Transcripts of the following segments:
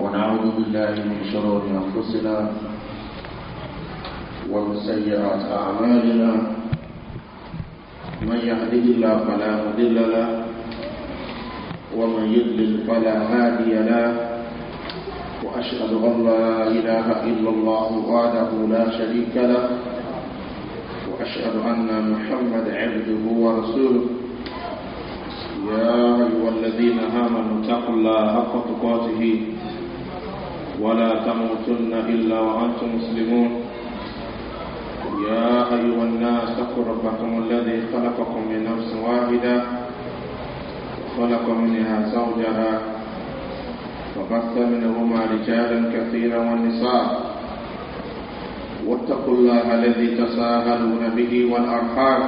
ونعوذ بالله من شرور أنفسنا ومن سيئات أعمالنا من يهده الله فلا مضل له ومن يضلل فلا هادي له وأشهد أن لا إله إلا الله وحده لا شريك له وأشهد أن محمد عبده ورسوله يا أيها الذين آمنوا اتقوا الله حق تقاته ولا تموتن إلا وأنتم مسلمون يا أيها الناس اتقوا ربكم الذي خلقكم من نفس واحدة وخلق منها زوجها وبث منهما رجالا كثيرا ونساء واتقوا الله الذي تساهلون به والأرحام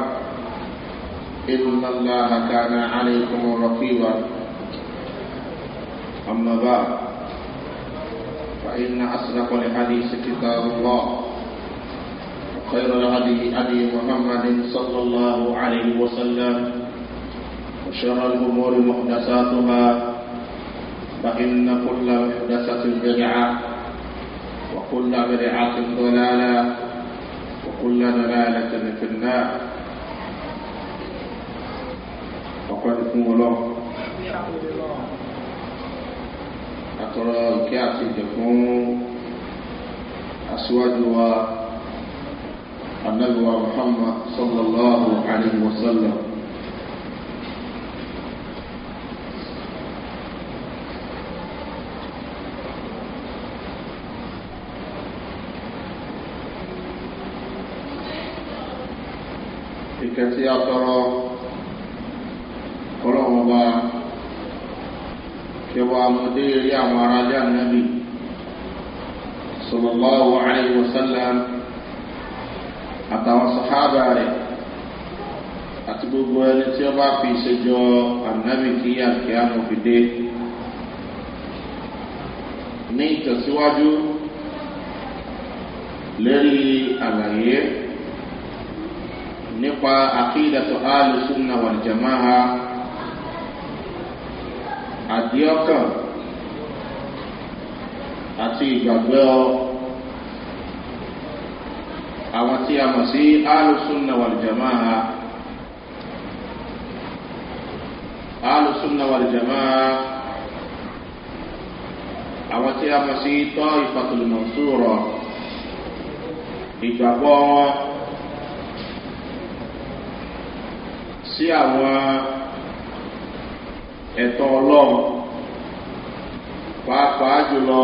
إن الله كان عليكم رقيبا أما بعد فإن أصدق الحديث كتاب الله خير الهدي أبي محمد صلى الله عليه وسلم وشر الأمور محدثاتها فإن كل محدثة بدعة وكل بدعة ضلالة وكل ضلالة في النار وقد قولوا àtọ̀rọ̀ ìkẹ́ àti ìjẹ̀ fún aṣíwájú wa anábíwá muhammad sallallahu alayhi wa sallam ìkẹ́ tí a tọrọ ìwà àmúdé rí àwọn aráalé ànábì sọlọ́láwò àìwòsánlám àtàwọn sọ̀hábà rẹ̀ àti gbogbo ẹni tí ó bá fi ìṣèjọ ànábì kí àkíyà mọ̀ fi dé. ní ìtẹ̀síwájú lórí àlàyé nípa àkídàtọ̀ àlùsùn náà wà jàmáà àdíọ́kàn àti ìgbàgbẹ́ ọ àwọn tí a mọ̀ sí alùsùnà wàlìjàmá ha alùsùnà wàlìjàmá àwọn tí a mọ̀ sí tọ́ ìfàtòlùmọ̀ sóòrọ̀ ìgbàgbọ́ sí àwọn. ẹ̀tọ́ ọlọ́run pàápàá jùlọ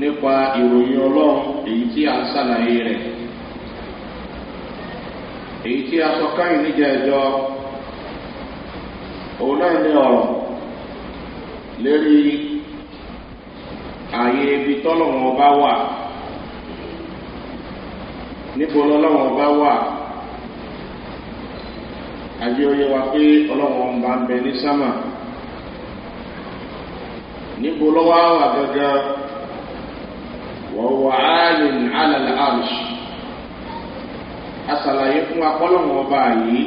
nípa ìròyìn ọlọ́run èyí tí a ń ṣàlàyé rẹ̀ èyí tí a sọ káyìn níjà ẹjọ́ òun náà ní ọ̀rọ̀ lérí ààyè ibi wọn bá wà níbo wọn bá wà. àbí ó yẹ wa pé ọlọ́wọ́ ń bá ń bẹ ní sámà níbo lọ́wọ́ wà gẹ́gẹ́ wọ́n wà ní àlàlà asàlàyé fún akọ́lọ́wọ́ ọba yìí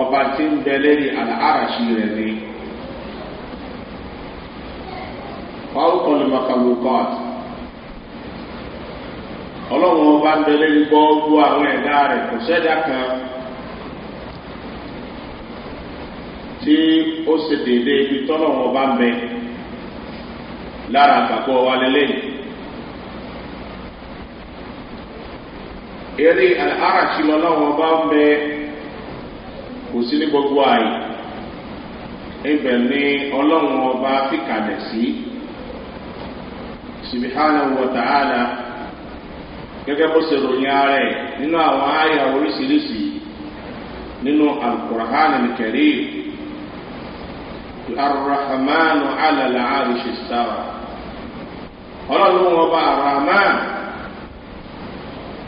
ọba tí ń bẹ lẹ́ni àlà àrùsì rẹ̀ ni ọlọ́wọ́ tí ó ṣe dédé ibi tọ́lọ̀ wọn bá mẹ lára àgbàgbọ́ wa eré bá mẹ kò sí ní gbogbo àyè ibẹ̀ ni ọlọ́run ọba fìkàlẹ̀ sí gẹ́gẹ́ bó ṣe ròyìn nínú àwọn àyà oríṣiríṣi nínú kẹrìí. arahman alala arishi sawa ọlọ́run wọn bá arahman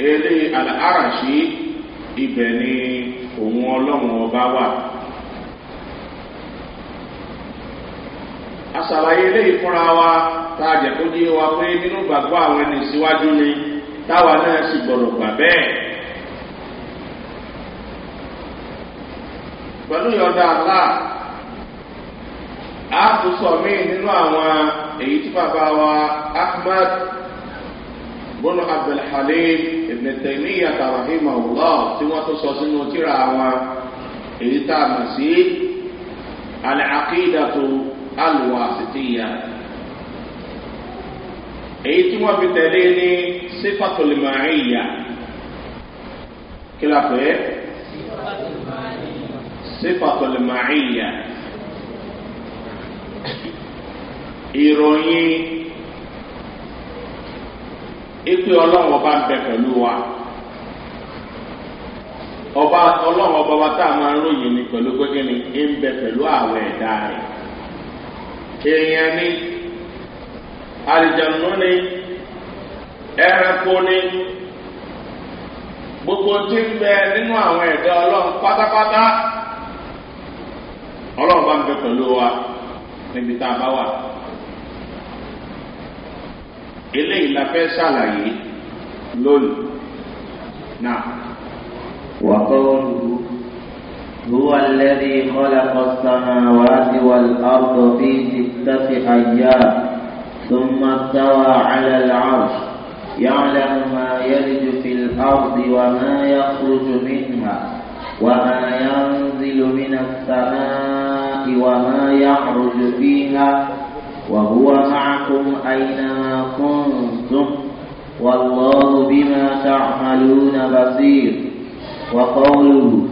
eré alarashi ibẹ̀ ni òun ọlọ́run ọba wà. asàlàyé eléyìí fúnra wa a wa pé nínú gbàgbọ́ ni àtúnṣọ míì nínú àwọn èyí tí bàbá wa ahmed bọ́nà abdulhalim ìbìtẹ̀mí àtàràhìmọ̀ wùlọ́ tí wọ́n tó sọ sínú tíra àwọn èyí tá a mọ̀ sí alàkídàtò alùwàsítìyà èyí tí wọ́n fi tẹ̀lé ní sífàtòlìmọ̀ọ́yà kí la ìròyìn ipe ọlọ́run bá ń bẹ pẹ̀lú wa ọba ọlọ́run ọba wa tá a máa ń ròyìn ni pẹ̀lú gbẹ́gẹ́ ni ń bẹ pẹ̀lú àwọn ẹ̀dá rẹ̀ èèyàn ni àlìjànú ni ẹranko ni gbogbo tí ń bẹ nínú àwọn ẹ̀dá ọlọ́run pátápátá ọlọ́run bá níbi tá a bá wà. eléyìí la fẹ́ ṣàlàyé lónìí وقوله هو الذي خلق السماوات والأرض في ستة أيام ثم استوى على العرش يعلم ما يلج في الأرض وما يخرج منها وما ينزل من السماء وما يخرج فيها وهو معكم أينما كنتم والله بما تعملون بصير وقوله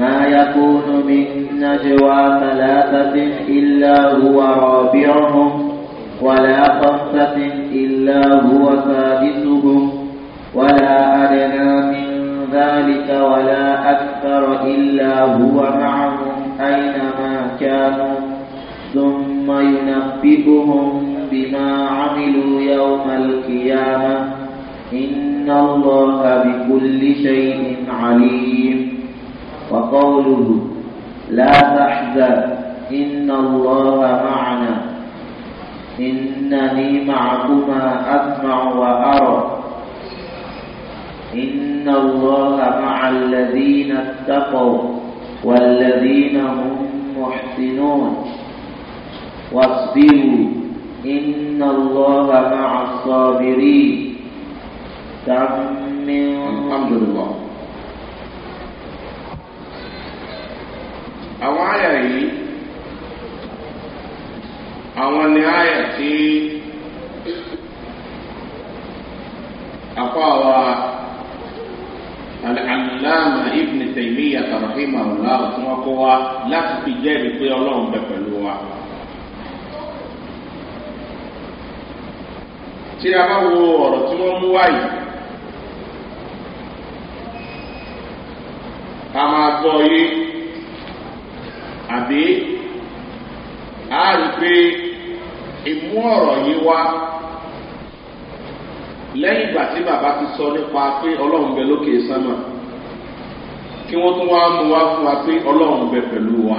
ما يكون من نجوى ثلاثة إلا هو رابعهم ولا خمسة إلا هو سادسهم بما عملوا يوم القيامة إن الله بكل شيء عليم وقوله لا تحزن إن الله معنا إنني معكما أسمع وأرى إن الله مع الذين اتقوا والذين هم محسنون واصبروا إن الله مع الصابرين سم الحمد لله àwọn àyà yìí àwọn ni àyà tí àpáwa alàlámà ibn tèmíyà tàbí màmúlá òtún wọn kó wa láti fi jẹ́rìí pé ọlọ́run bẹ pẹ̀lú wa. tí a bá wo ọ̀rọ̀ tí wọ́n mú wáyé a máa gbọ́ yé àbí a rí pé ìmú ọ̀rọ̀ yìí wá bàbá ti sọ nípa pé bẹ lókè sánmà kí wọ́n tún wá mú wá fún wa pé bẹ pẹ̀lú wa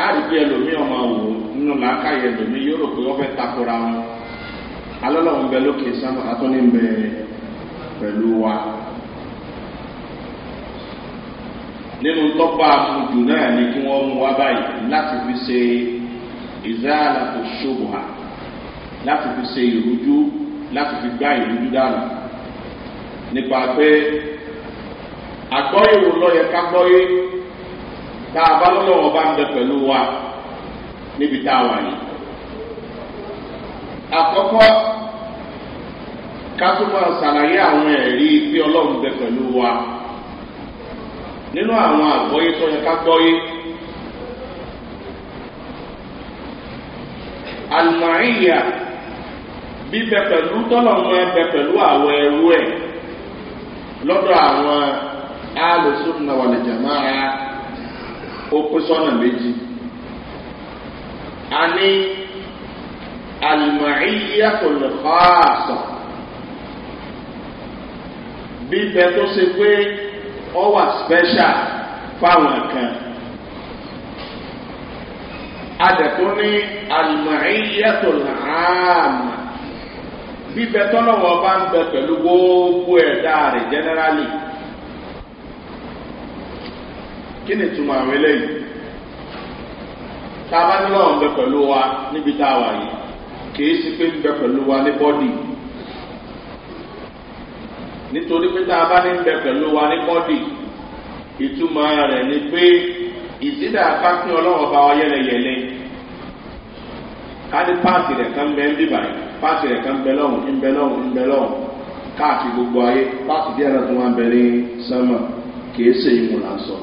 a rí pé nínú làákàyè alọ́lọ́ ń bẹ lókè sáma atọ́ni ń bẹ pẹ̀lú wa. nínú tọ́pọ̀ àfojù náà ni kí wọ́n mú wá báyìí láti fi ṣe ìzáàlà tó ṣòwò ha láti fi ṣe ìrújú láti fi gbá ìrújú dànù nípa pé àgbọ́yé wo lọ́yẹ ká tá a bá lọ́lọ́wọ́ bá ń bẹ pẹ̀lú wa níbi tá a wà yìí. àkọ́kọ́ ká tó máa ṣàlàyé àwọn ẹ̀rí pé ọlọ́run bẹ pẹ̀lú wa nínú àwọn àgbọ́yé tó yẹ ká gbọ́yé. àlùmọ̀ọ́yà bíbẹ pẹ̀lú tọ́lọ̀mọ́ ẹbẹ pẹ̀lú àwọn ẹrú ẹ̀ lọ́dọ̀ àwọn alùsùnà wàlẹ̀jàmá ó pín sọ́nà méjì. a ní. àlùmọ̀ọ́yẹ́ kò lè kọ́ àṣà bíbẹ tó ṣe pé ọ wà special fáwọn kan adẹ̀kú ní àlùmọ̀ọ́yẹ́ kò lè àmà bíbẹ tọ́lọ́wọ́ bá ń bẹ pẹ̀lú gbogbo ẹ̀dá rẹ̀ generally kí ni ìtumọ̀ àwọn eléyìí tá a bá ní lọ́wọ́ bẹ pẹ̀lú wa níbi tá a wà yìí kìí sí pé ń bẹ pẹ̀lú wa ní bọ́dì nítorí pé tá a bá ní ń bẹ pẹ̀lú wa ní bọ́dì ìtumọ̀ rẹ̀ ni pé ìsídà kápín ọlọ́wọ́ bá wa yẹlẹyẹlẹ ká ní páàsì rẹ̀ kan bẹ ń bíbà yìí páàsì rẹ̀ kan bẹ lọ́hùn ń bẹ lọ́hùn ń bẹ lọ́hùn káàkiri gbogbo ayé páàsì díẹ̀ náà tó wá bẹ ní sánmà kìí ṣe ìmùlà ń sọ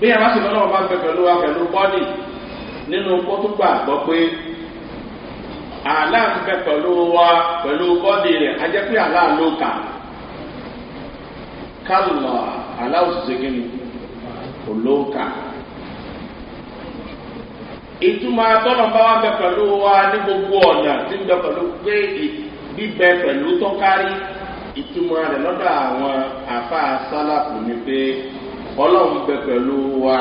bí ẹ bá sì lọ́wọ́ bá ń bẹ pẹ̀lú wa pẹ̀lú bọ́dì nínú kó tó gbàgbọ́ pé àlá ń bẹ pẹ̀lú wa pẹ̀lú bọ́dì rẹ̀ a jẹ́ pé àlá ló kà kálọ̀ àlá òṣìṣẹ́ gíní kò ló wa ní gbogbo ọ̀nà tí ń bẹ pẹ̀lú pé bíbẹ pẹ̀lú tọ́kárí ìtumọ̀ rẹ̀ lọ́dọ̀ àwọn ni pé wa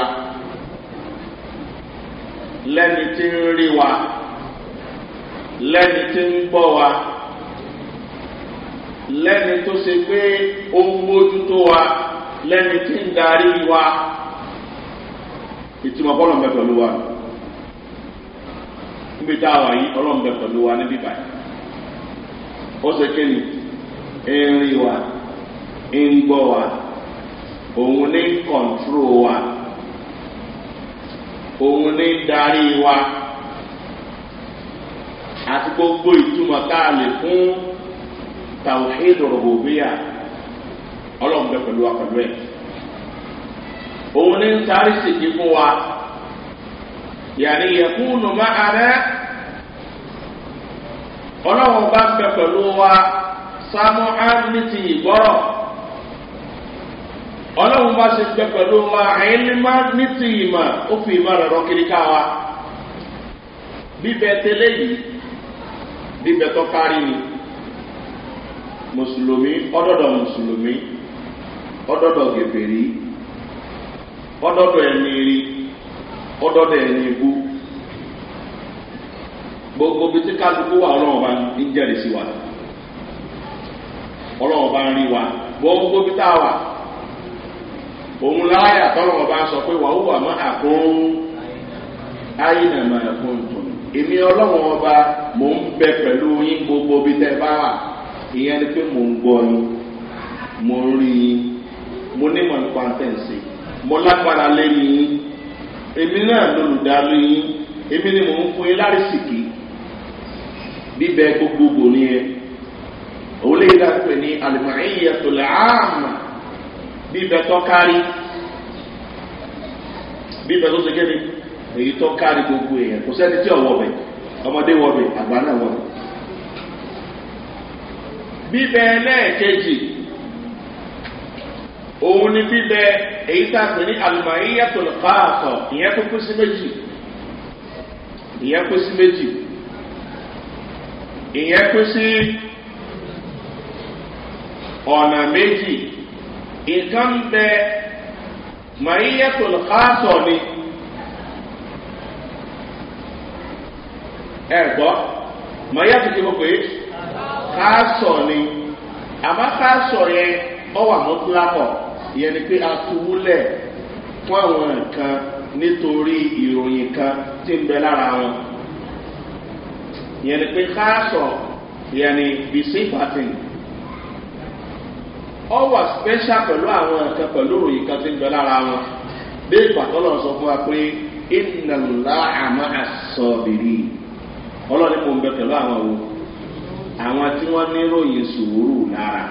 lẹ́ni lẹ́ni tí ń gbọ́ wa lẹ́ni tó ṣe pé ó ń mójútó wa lẹ́ni tí ń darí wa ìtumọ̀ bọ́lọ̀ ń bẹ pẹ̀lú wa níbi tá a wà yìí ọlọ́run bẹ pẹ̀lú wa níbí báyìí ó ṣe kí ni irin wa ń gbọ́ wa òun ní kọ̀ǹtúrò wa òun ní darí wa. àti gbogbo ìtumọ̀ tá a lè fún tàwíhìn rògbòmíyà ọlọ́run bẹ pẹ̀lú wa ẹ̀. òun ní sáré sèké fún wa yàrá ìyẹ̀kúnnù má arẹ́ ọlọ́run bá bẹ pẹ̀lú wa sámú ánìtì ìgbọ́rọ̀ bá ṣe bẹ pẹ̀lú wa àìlímá ìmọ̀ ó fi ìmọ̀ rẹ̀ bíbẹ tó kárí ni mùsùlùmí ọdọdọ mùsùlùmí ọdọdọ gèbèrè ọdọdọ ẹni rí ọdọdọ ẹni ibú gbogbo bí tí kálukú wà ọlọ́run bá ń jẹ́rìí sí wa ọlọ́run bá ń rí wa gbogbo bí tá a wà òun láyà tọ́lọ́run bá ń sọ pé wàá má àkóhun ayé nà má àkóhun èmi ọlọ́wọ́n ọba mò ń bẹ pẹ̀lú yín gbogbo bí tẹ́ bá wà ìyẹn ni pé mò ń gbọ́ yín mò ń rí yín mo nímọ̀ nípa tẹ̀sí mo lágbára lẹ́yìn yín èmi náà lolùdarí yín èmi ni mò ń fún yín lárísìkì bíbẹ gbogbogbò nìyẹn òun lè dá pé ní alimọ̀ẹ́yẹ tó lè áàmà bíbẹ tó kárí bíbẹ tó ṣe kéde. èyí tó kárí gbogbo èèyàn kò sẹ́ni tí ọ̀wọ́ bẹ̀ ọmọdé wọ bẹ̀ àgbà náà wọ bẹ̀. bíbẹ ẹlẹ́ẹ̀kejì òun ni bíbẹ èyí tá a pè ní àlùmáyéyàtò káàtọ̀ ìyẹn tó pín sí méjì ìyẹn pín sí méjì ìyẹn pín sí ọ̀nà méjì nǹkan bẹ màyéyàtò ni. ẹ gbọ́ mọ yá tuntun mo pè é káàsọ̀ ni àmọ́ káàsọ̀ yẹn ọ wà mọ́ gúlápọ̀ ìyẹn ni pé a tu wúlẹ̀ fún àwọn nǹkan nítorí ìròyìn kan tí ń bẹ lára wọn ìyẹn ni pé káàsọ̀ ìyẹn ni bìsí ìfàtìn ọ wà spẹ́ṣà pẹ̀lú àwọn nǹkan pẹ̀lú ìròyìn kan tí ń bẹ lára wọn bí ìpàtọ́lọ̀ sọ fún wa pé ìnàlá àmọ́ àsọ̀bìrì. ọlọ́ọ̀ni kò ń bẹ pẹ̀lú àwọn wo àwọn tí wọ́n níròyìn sùúrù lára.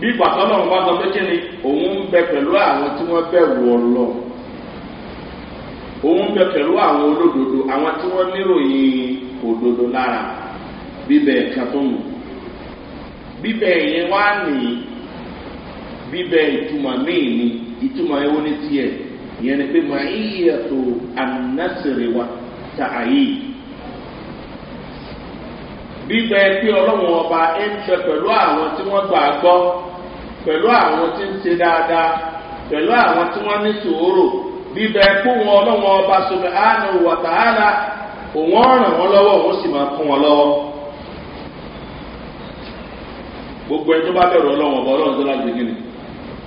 bí pàtọ́nà ń bá sọ pé kí ni òun ń bẹ pẹ̀lú àwọn tí wọ́n bẹ̀rù lọ òun ń bẹ pẹ̀lú àwọn olódodo àwọn tí wọ́n òdodo lára bíbẹ̀ ẹ̀ka tó bíbẹ̀ wá nìyí bíbẹ̀ ìtumọ̀ ìyẹn ni pé màá yíyẹ tó ànásìrè wa ta àyè gbígbẹ pé ọlọ́wọ́n ọba ẹ̀ ń sọ pẹ̀lú àwọn tí wọ́n gbà gbọ́ pẹ̀lú àwọn tí ń ṣe dáadáa pẹ̀lú àwọn tí wọ́n ní sòwòrò bíbẹ kó wọn ọlọ́wọ́n ọba sọ̀rọ̀ àánú wàtàhálà òun ràn wọ́n lọ́wọ́ òun sì máa kún wọn lọ́wọ́ gbogbo ẹni bá bẹ̀rù ọlọ́wọ́n ọba ọlọ́run tó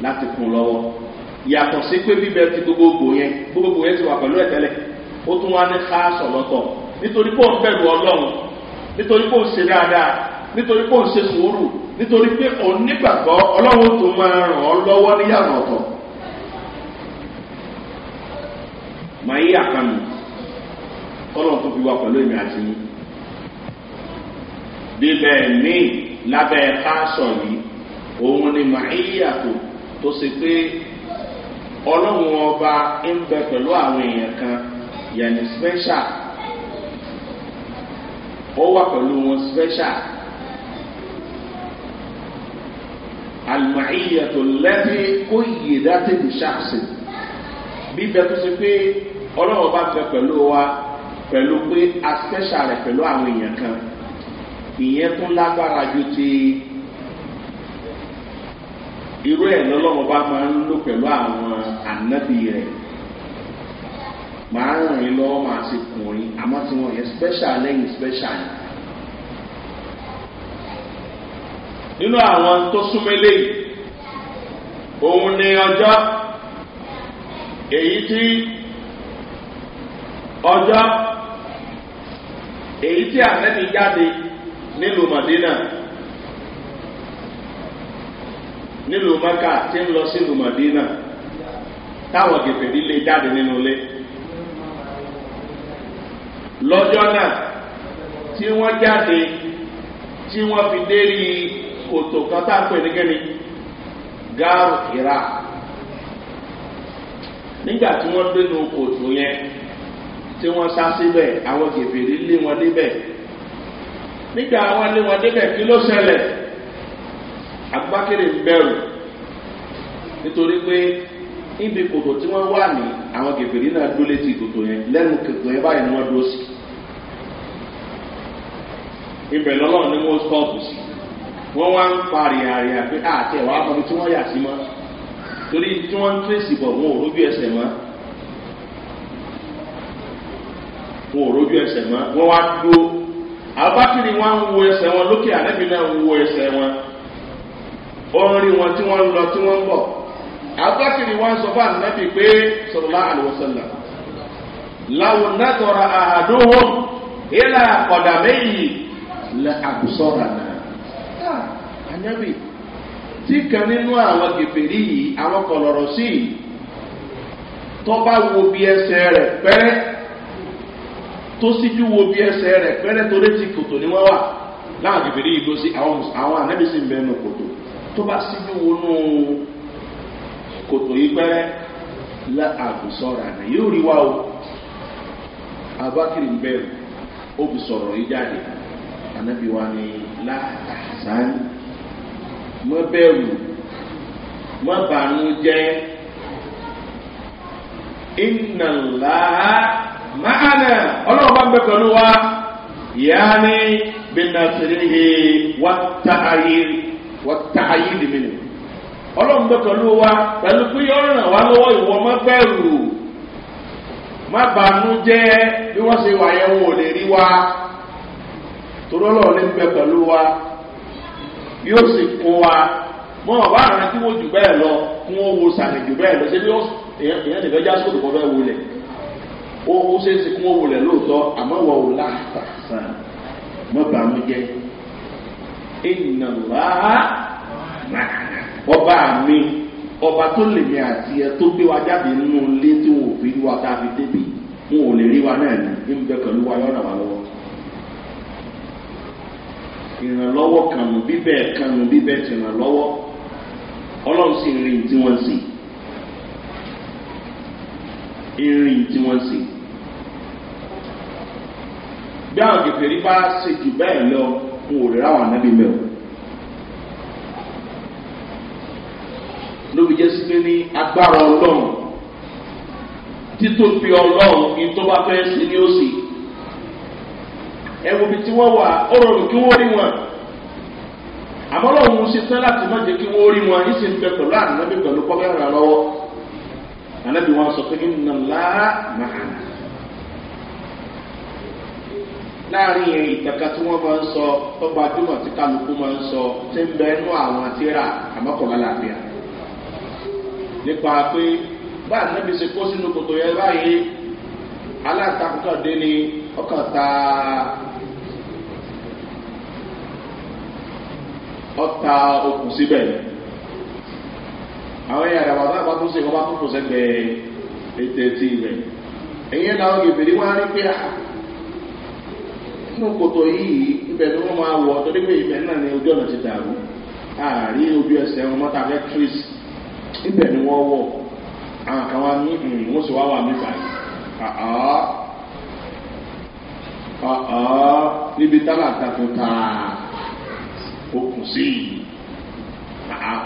láti kún lọ́wọ́ yàtọ̀ sí pé bíbẹ ti gbogbogbò yẹn gbogbogbò yẹn ti wà pẹ̀lú ẹ̀ tẹ́lẹ̀ ó tún wá ní ká sọ̀lọ́tọ̀ nítorí pé òun bẹ̀rù ọlọ́run nítorí pé òun ṣe dáadáa nítorí pé òun ṣe sùúrù nítorí pé òun nígbàgbọ́ ọlọ́run tó máa ràn ọ́ lọ́wọ́ níyàrá ọ̀tọ̀ màá yí àkànnù kọ́lọ̀ tó fi wá pẹ̀lú èmi àti mi bíbẹ̀ mí lábẹ́ ká sọ yìí òun ni màá yí àtò tó ṣe pé ọlọ́run ọba ń bẹ pẹ̀lú àwọn èèyàn kan yẹn special ó wà pẹ̀lú wọn special alimahiyato lẹ́bí kó yè dátẹ́ ní ṣáàṣì bíbẹ tó ṣe pé ọlọ́run ọba bẹ pẹ̀lú wa pẹ̀lú pé a special rẹ̀ pẹ̀lú àwọn èèyàn kan ìyẹn tó lágbára ju ti. irú ẹ̀ lọ́lọ́wọ́ bá máa ń lò pẹ̀lú àwọn ànábì rẹ̀ máa ń rìn lọ́wọ́ máa ṣe kùnrin àmọ́ tí wọ́n yẹ special lẹ́yìn special nínú àwọn ni ọjọ́ èyí tí ọjọ́ èyí tí ànábì jáde nílùú nílùú maka tí ń lọ sílùú madina táwọn gèfèrí lè jáde nínú ilé lọ́jọ́ náà tí wọ́n jáde tí wọ́n fi dérí kòtò kan tá a pè ní kẹ́ni gáàrú ìra nígbà tí wọ́n dénú kòtò yẹn tí wọ́n sá síbẹ̀ àwọn gèfèrí lé wọn débẹ̀ nígbà wọn lé wọn débẹ̀ kí ló ṣẹlẹ̀ abúbákẹ́rẹ́ ń bẹ̀rù nítorí pé níbi kòtò tí wọ́n wà ní àwọn gègèrè náà dúró létí kòtò yẹn lẹ́nu kòtò yẹn báyìí ni wọ́n dúró sí ibẹ̀ lọ́lọ́run ni wọ́n sọ́ọ̀bù sí wọ́n wá ń pa rìnrìn àpé àti ẹ̀wà àkọ́ni tí wọ́n yà sí mọ́ torí tí wọ́n ń tẹ̀sí bọ̀ wọn ò rójú ẹsẹ̀ mọ́ wọn ò rójú ẹsẹ̀ mọ́ wọ́n wá dúró àbákiri wọn wo ẹsẹ̀ wọn lókè àlẹ́bí náà wo ẹsẹ̀ wọn ó ń rí wọn tí wọ́n ń lọ tí wọ́n ń bọ̀ abákiri wọn sọ fún anabi pé sọlá àlùwọ̀sọ̀là láwọn nàtọ̀rọ̀ àdóhó ìlà ọ̀dà méjì lẹ àgùsọ̀rà náà anabi tí kan nínú àwọn gèfèrí yìí àwọn kọlọ̀rọ̀ sí i tọ́ba wo bí ẹsẹ̀ rẹ̀ pẹ́rẹ́ tó síjú wo bí ẹsẹ̀ rẹ̀ pẹ́rẹ́ torí ti kòtò ni wọ́n wà láwọn gèfèrí yìí ló sí àwọn ànábìsí ń bẹ́ẹ̀ nù kòtò tó bá síjú wọnú kòtò yìí pẹ́rẹ́ la àgùsọ̀rọ̀ àná yóò rí wa o abakiri ń bẹ̀rù ó fi sọ̀rọ̀ yìí jáde anabi wa ni la àhásán mọ bẹ̀rù mọ bànú jẹ́ ìnànlá máàna ọlọ́run bá ń bẹ pẹ̀lú wa yáa ní bí nàṣẹ́rẹ́ wá tá wọ́n ta ayé lèmi nì. ọlọ́run bẹ pẹ̀lú wa pẹ̀lú pé yọ ràn wá lọ́wọ́ ìwọ má bẹ̀rù má bànú jẹ́ bí wọ́n ṣe wà yẹn wò lè rí wa torí ọlọ́run lè bẹ pẹ̀lú wa yóò sì kún wa mọ ọba àrùn tí wọ́n jù bẹ́ẹ̀ lọ kún owó sàrìn jù bẹ́ẹ̀ lọ ṣé bí èèyàn lè fẹ́ já sóòtù kọ́ fẹ́ wọlé owó ṣe é sì kún owó lẹ̀ lóòótọ́ àmọ́ wọ́n ò láàtà sàn mọ́ bànú jẹ́ ìnà láà ọba mi ọba tó lè mi àti ẹ tó gbé wa jáde nínú ilé tí wọn fi rí wa débi lè rí wa náà ní ń bẹ pẹ̀lú wa yọ̀nà ìrànlọ́wọ́ kanu bíbẹ̀ kanu bíbẹ̀ ti ràn lọ́wọ́ ọlọ́run sì rìn tí wọ́n sì rìn tí wọ́n sì. bí àwọn kẹfẹ́ rí bá ṣe n ò rí ráwọn ànábì mẹ́wọ̀. lóbi jẹ́ sí pé ní agbára ọlọ́run títóbi ọlọ́run ní tó bá fẹ́ sí ní òsì ẹ̀wọ̀n bí tí wọ́n wà ó rọrùn kí wọ́n rí wọn àmọ́ lọ́run ṣe tán láti má jẹ́ kí wọ́n rí wọn ní sì ń bẹ pẹ̀lú ànábì pẹ̀lú pọ́kẹ́rà lọ́wọ́ ànábì wọn sọ pé nínú nàlá màánà láàrin ìrìn kankan tí wọ́n máa ń sọ tó gbajúmọ̀ tí kálukú máa ń sọ ti ń bẹ nú àwọn tíra àmọ́kànlá làbíà nípa pé bá a níbi ṣe kó sínú kòtò yẹn báyìí aláǹtakùkọ̀ dé ni ọkàn ta ọta okùn síbẹ̀ àwọn èèyàn àdàbà tó àbá tó ṣe kọ́ bá tó kò sẹ́gbẹ̀ẹ́ ètè ti rẹ̀ èyí náà gbèbèrè wá rí pé inú kòtò yìí ibẹ̀ ni wọ́n máa wọ̀ torí pé ibẹ̀ náà ni ojú ọ̀nà ti dàrú àárí ojú ẹsẹ̀ wọn mọ́ta fẹ́ tírís ibẹ̀ ni wọ́n wọ̀ àwọn kan wá ní hmm, wọ́n sì wá wà mí báyìí ah, ah. Ah, níbi tábà takò tààrà okùn sí yìí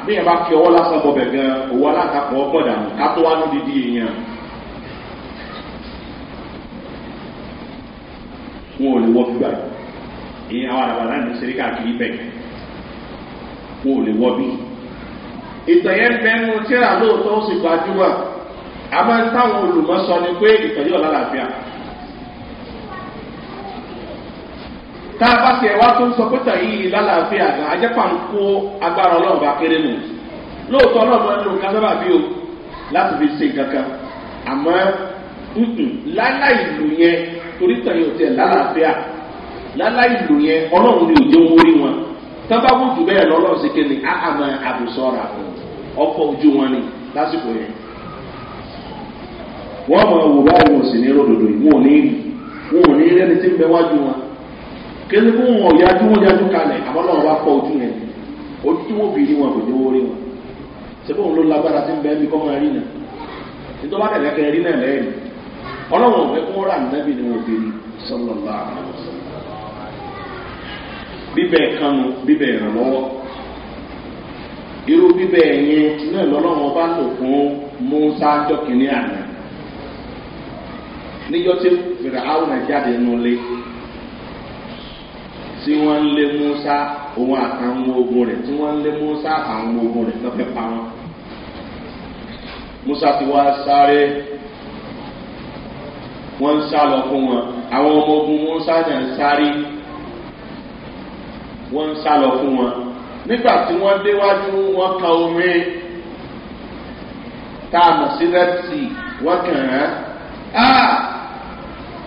bí ẹ bá kí ọwọ́ lásán bọ̀ bẹ̀ gan owó alátakọ̀ ọgbọ̀dà ká tó wá nídìí èèyàn. wọn ò lè wọ́ gbígbà ìyẹn àwọn àràbà náà ní ṣeré káàkiri bẹ́ẹ̀ wọn ò lè wọ́ bí. ìtàn yẹn bẹ́ẹ̀nu tíra lóòótọ́ ó sì gbajúmọ̀ àmọ́ táwọn olùmọ̀ sọ ni pé ìtàn yóò lálàáfíà. tá a bá tiẹ̀ wá tó ń sọ pé tàn yìí lálàáfíà gan ajẹ́pà ń kó agbára ọlọ́run bá kéré nù lóòótọ́ ọlọ́run ẹnu nǹkan sábà bí o láti fi ṣe nǹkan àmọ́ láláì lù yẹn torí tàn yóò tẹ̀ lálàáfíà láláì lò yẹn ọlọ́run ni òjò ń wórí wọn tábà wù jù bẹ́ẹ̀ lọ́lọ́run sì kéde àhàmà àbùsọ̀rà ọkọ̀ ojú wọn ni lásìkò yẹn. wọ́n mọ wò báyìí wọn ní ròdòdò yìí ní rí wọn ò ní ẹni tí ń bẹ wájú wọn kéde wọn wọn yájú kalẹ̀ wá ojú yẹn ojú tí bìí wọn wórí wọn ọlọ́run ò fẹ́ kó rà nábì ni wọ́n bèrè sọlọ́lá bíbẹ̀ kanu bíbẹ̀ ìrànlọ́wọ́ irú bíbẹ̀ yẹn náà lọ́lọ́run bá lò fún musa jọkìnní àná níjọ́ tí fèrè àwọn àjáde nulẹ̀ tí wọ́n ń lé musa òun àtàwọn ogun rẹ̀ tí wọ́n ń lé musa àtàwọn ogun rẹ̀ tó pa wọn musa ti wá sáré wọ́n ń sá lọ fún wọn àwọn ọmọ ogun wọn sáàjà ń sáré wọ́n ń sá lọ fún wọn nígbà tí wọ́n déwájú wọn kan omi tá a mọ̀ sí rẹ́tì wọ́n kàn án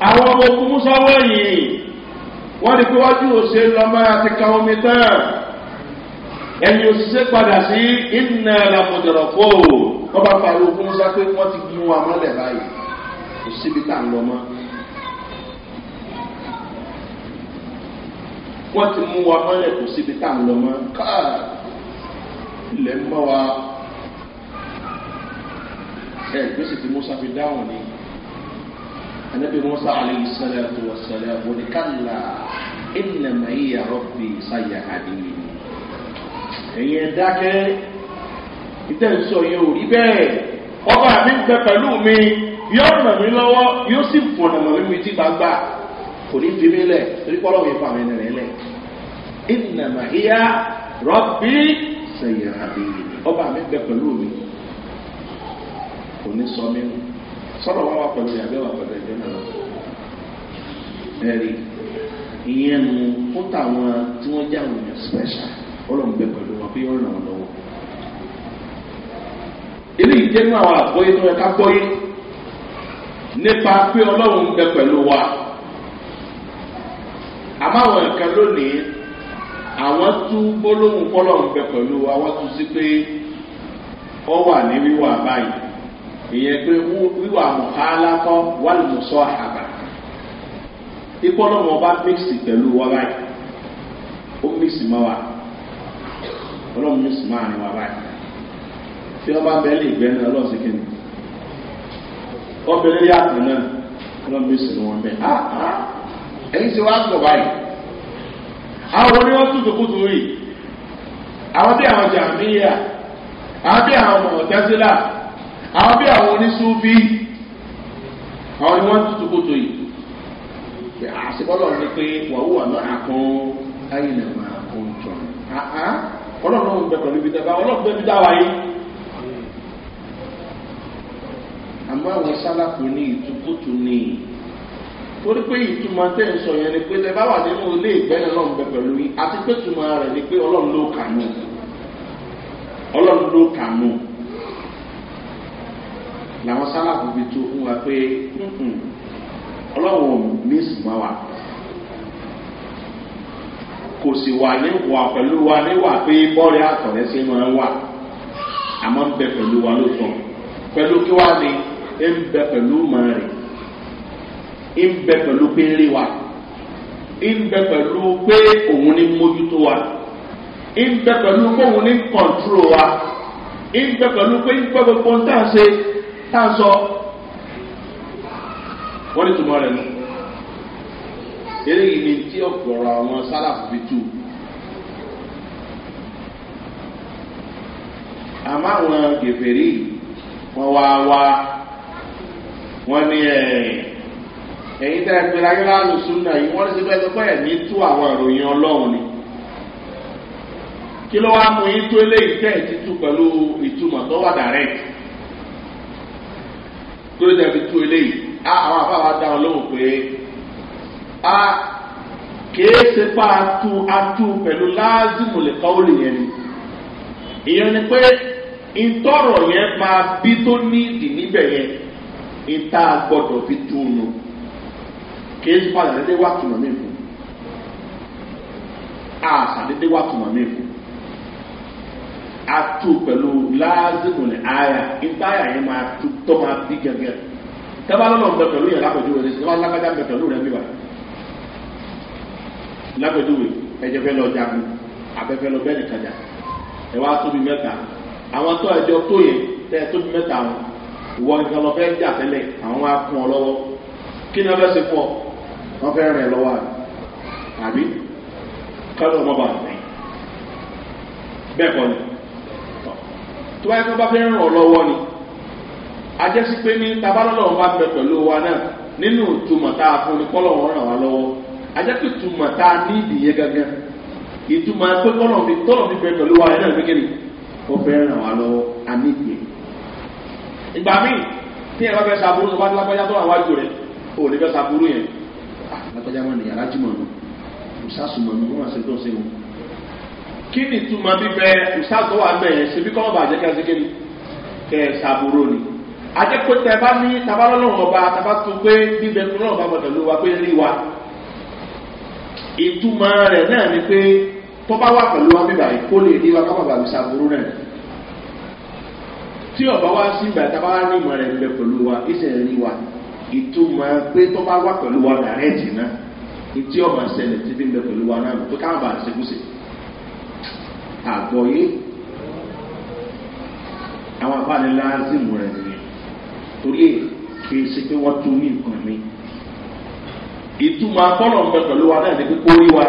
àwọn ọmọ ogun musa wọ̀nyí wọ́n rí pé wájú òsè lọ́mọ àti kan omi tán ẹni òṣìṣẹ́ padà sí ìnà làmùdọ̀rọ̀ fóò wọ́n bá pariwo fún musa pé wọ́n ti gbin wọn mọ́lẹ̀ báyìí kò síbi tá à ń lọ mọ́. wọ́n ti mú wa mọ́lẹ̀ kò síbi tá à ń lọ mọ́ káà ilẹ̀ ń mọ́ wa ẹ̀ gbèsè tí musa fi dáhùn ni anabi musa alayhi salatu wa salam wòle kàlá ìnà mayi ya rọ́bì sáyà àdìyẹ ẹ̀yin dákẹ́ ìtẹ̀ ń rí bẹ́ẹ̀ ọba mi ń pẹ̀lú mi yóò ràn mí lọ́wọ́ yóò sì fọ̀nà mọ̀ mímu tí gbangba kò ní fi mí lẹ̀ torí pọ́lọ́ mi fa mi nìrẹ̀ lẹ̀ ìnàmà ìyá rọ́bì sẹ̀yìn àbí ọba mi bẹ pẹ̀lú mi kò ní sọ mí nù sọ́dọ̀ wọn wà pẹ̀lú ìyàgbẹ́ wà pẹ̀lú ẹgbẹ́ náà ẹ̀rí ìyẹn nu fún tàwọn tí wọ́n jẹ́ àwọn èèyàn special ọlọ́run bẹ pẹ̀lú wọn pé yóò ràn wọn àwọn àgbọ́yé tó yẹ ká gbọ́yé nípa pé ọlọ́run ń bẹ pẹ̀lú wa àmọ́ àwọn nǹkan lónìí àwọn tú gbólóhùn kọ́lọ́run bẹ pẹ̀lú wa wọ́n tún sí pé ọ wà ní wíwà báyìí ìyẹn pé wíwà mọ̀hálákọ́ wà ní mọ̀sọ́ àbá ìkọ́lọ́run ọba mixi pẹ̀lú wa báyìí ó mixi mọ́ wa ọlọ́run mixi máa ní wa báyìí tí ọba bẹ́ẹ̀ lè gbẹ́ ní wọ́n bẹ lórí àpò náà wọ́n bẹ sìn wọn bẹ́ẹ̀ ah, ah. ẹ̀yin ti wá sọ̀ báyìí àwọn oníwọ́n tún tòkútù rí àwọn bí àwọn jàmíyà àwọn bí àwọn mọ̀tẹ́sílà àwọn bí àwọn oníṣúbí àwọn ni wọ́n tún tòkútù yìí àṣepọ́lọ́ ní pé wàhùn wà lọ́nà kan ayé nàmà kan jọ ah, ọlọ́run ń bẹ pẹ̀lú ibi dábàá ọlọ́run bẹ ibi dáwà yìí. àmọ́ àwọn sálàkù ní ìtukùtù ní torí pé ìtumọ̀ tẹ́ ń sọ yẹn ni pé tẹ bá wà nínú ilé ìgbẹ́ni ọlọ́run bẹ pẹ̀lú yín àti pé ìtumọ̀ rẹ̀ ni pé ọlọ́run ló kànú ọlọ́run ló kànú làwọn sálàkù fi tó fún wa pé ọlọ́run ní ìsìnmọ́ wa kò sì wà ní wà pẹ̀lú wa níwà pé bọ́ọ̀lì àtọ̀rẹ́sẹ̀ máa ń wà àmọ́ ń bẹ pẹ̀lú wa lóòótọ́ pẹ̀lú kí wá ní ń bẹ pẹ̀lú mọ̀ rẹ̀ ń bẹ pẹ̀lú pé ń rí wa ń bẹ pẹ̀lú pé òun ní mójútó wa ń bẹ pẹ̀lú pé òun ní kọ̀ǹtúrò wa ń bẹ pẹ̀lú pé ń pẹ́ gbogbo ń tà ṣe tà sọ wọ́n ní tùmọ̀ rẹ̀ nù eléyìí ni tí ọ̀pọ̀rọ̀ àwọn sálàfù fi tù. àmọ́ àwọn gèfèrè wọ́n wá wá wọ́n ní ẹ̀yìn tẹ́ pé lágbára lùsùnà yìí wọ́n ti bẹ́ẹ̀ pẹ́ ní tú àwọn ìròyìn ọlọ́run ni kí ló wá mú yín tó eléyìí tẹ́ ẹ̀ títú pẹ̀lú ìtumọ̀ tó wà direct kí ló dẹ̀bi tú eléyìí á àwọn àbáwá dá wọn lóhùn pé a kìí ṣe pa atu atu pẹ̀lú láàzìmù lè kọ́wọ́ lè yẹn ni ìyẹn ni pé ìtọ́rọ̀ yẹn máa bí tó ní ìdí níbẹ̀ yẹn ìta gbọdọ̀ fi túnu kì í padà dédé wá tùmọ̀ mí fún àṣà dédé wá tùmọ̀ mí fún atu pẹ̀lú láàzìmù ní àyà ìta àyà yẹn máa tu tọ́ máa bí gẹ́gẹ́ tábàlọ́ lọ́n bẹ pẹ̀lú yẹn lápẹ̀jú rẹ̀ ṣe wọ́n lágbájá bẹ pẹ̀lú rẹ̀ bí wa lápẹ̀jú rẹ̀ ẹ̀jẹ̀ fẹ́ lọ jagun abẹ́fẹ́ lọ bẹ́ẹ̀ nìkan jà ẹ̀ wá tóbi mẹ́ta àwọn tó ẹjọ́ tó yẹ tẹ́ ẹ tóbi mẹ́ta wọn ìwọ nǹkan lọ fẹ́ jà tẹ́lẹ̀ àwọn á kún ọ lọ́wọ́ kí ni wọ́n fẹ́ ṣe fún ọ wọ́n fẹ́ rìn lọ́wọ́ àbí kálọ̀ ọmọ bàbá mi bẹ́ẹ̀ kọ́ ni tó bá yẹ kí wọ́n bá fẹ́ rìn ọ lọ́wọ́ ni ajẹ́sí pé ní tabalọ́lọ́wọ́ bá bẹ pẹ̀lú wa náà nínú ìtumọ̀ tá a fún ni kọ́lọ̀wọ́ ràn wá lọ́wọ́ ajẹ́pẹ́ ìtumọ̀ tá a ní ìdìyẹ gangan ìtumọ̀ pé kọ́lọ̀ mi tọ́lọ̀ mi bẹ pẹ̀lú wa náà gbẹ́gẹ́ ni ó fẹ́ ràn wá lọ́wọ́ a ní ìpè ìgbà míì tí ẹ bá fẹ́ sàbúrú tó bá ti lágbájá tó àwájú rẹ̀ ò lè fẹ́ sàbúrú yẹn. Ah, lágbájá wọn nìyàrá jùmọ̀ nù ìsásùmọ̀ nù wọn àṣẹ tó ṣe wọn. kí ni túmọ̀ bíbẹ ìsásùn wà bẹ̀ yẹn ṣe bí kọ́mọ̀ bàjẹ́ kí a ṣe kéde kẹ́ ẹ sàbúrú ni. àjẹkù tẹ bá ní tabalọ́lọ́wọ́ ọba tabatú pé bíbẹ tó náà ni tí ọba wá sí ìgbà tá a bá wá ní ìmọ̀ rẹ̀ ń bẹ pẹ̀lú wa ìṣẹ̀lẹ̀ ní wa ìtumọ̀ pé tó bá wá pẹ̀lú wa dàrẹ́ẹ̀tì náà ìtí ọmọ ìṣẹ̀lẹ̀ ti fi ń bẹ pẹ̀lú wa náà tó káwọn bá ṣekúṣe àgbọ̀yé àwọn àbáni láàzìmù rẹ̀ nìyẹn torí kì í ṣe pé wọ́n tún ní nǹkan mi ìtumọ̀ akọ́lọ̀ ń bẹ pẹ̀lú wa náà ní pípórí wa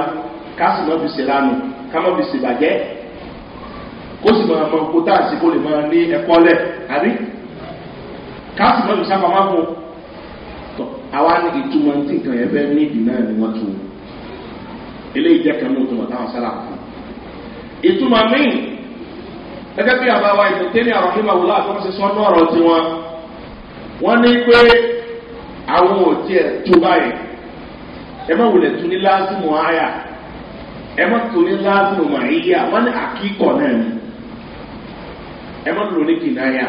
ká sì má fi ṣe lánàá ká má fi ṣèbàjẹ́ kó sì máa mọ kó tá à sí kó lè máa ní ẹ̀kọ́ lẹ̀ àbí ká sì mọ́ ìsáfà máa fún un àwa ní ìtumọ̀ tí nǹkan yẹn fẹ́ ní ìdìnnà ni wọ́n tu eléyìí jẹ́ òtún ọ̀tá fún ìtumọ̀ míì gẹ́gẹ́ bí àwọn ọ̀hìn ọ̀rọ̀ tiwọn wọ́n ní pé àwọn òtí ẹ̀ tó báyìí ẹ má wulẹ̀ tún ní àyà ẹ má tún ní wọ́n ní àkíkọ̀ náà ni. ẹ má lò ní kìnnáyà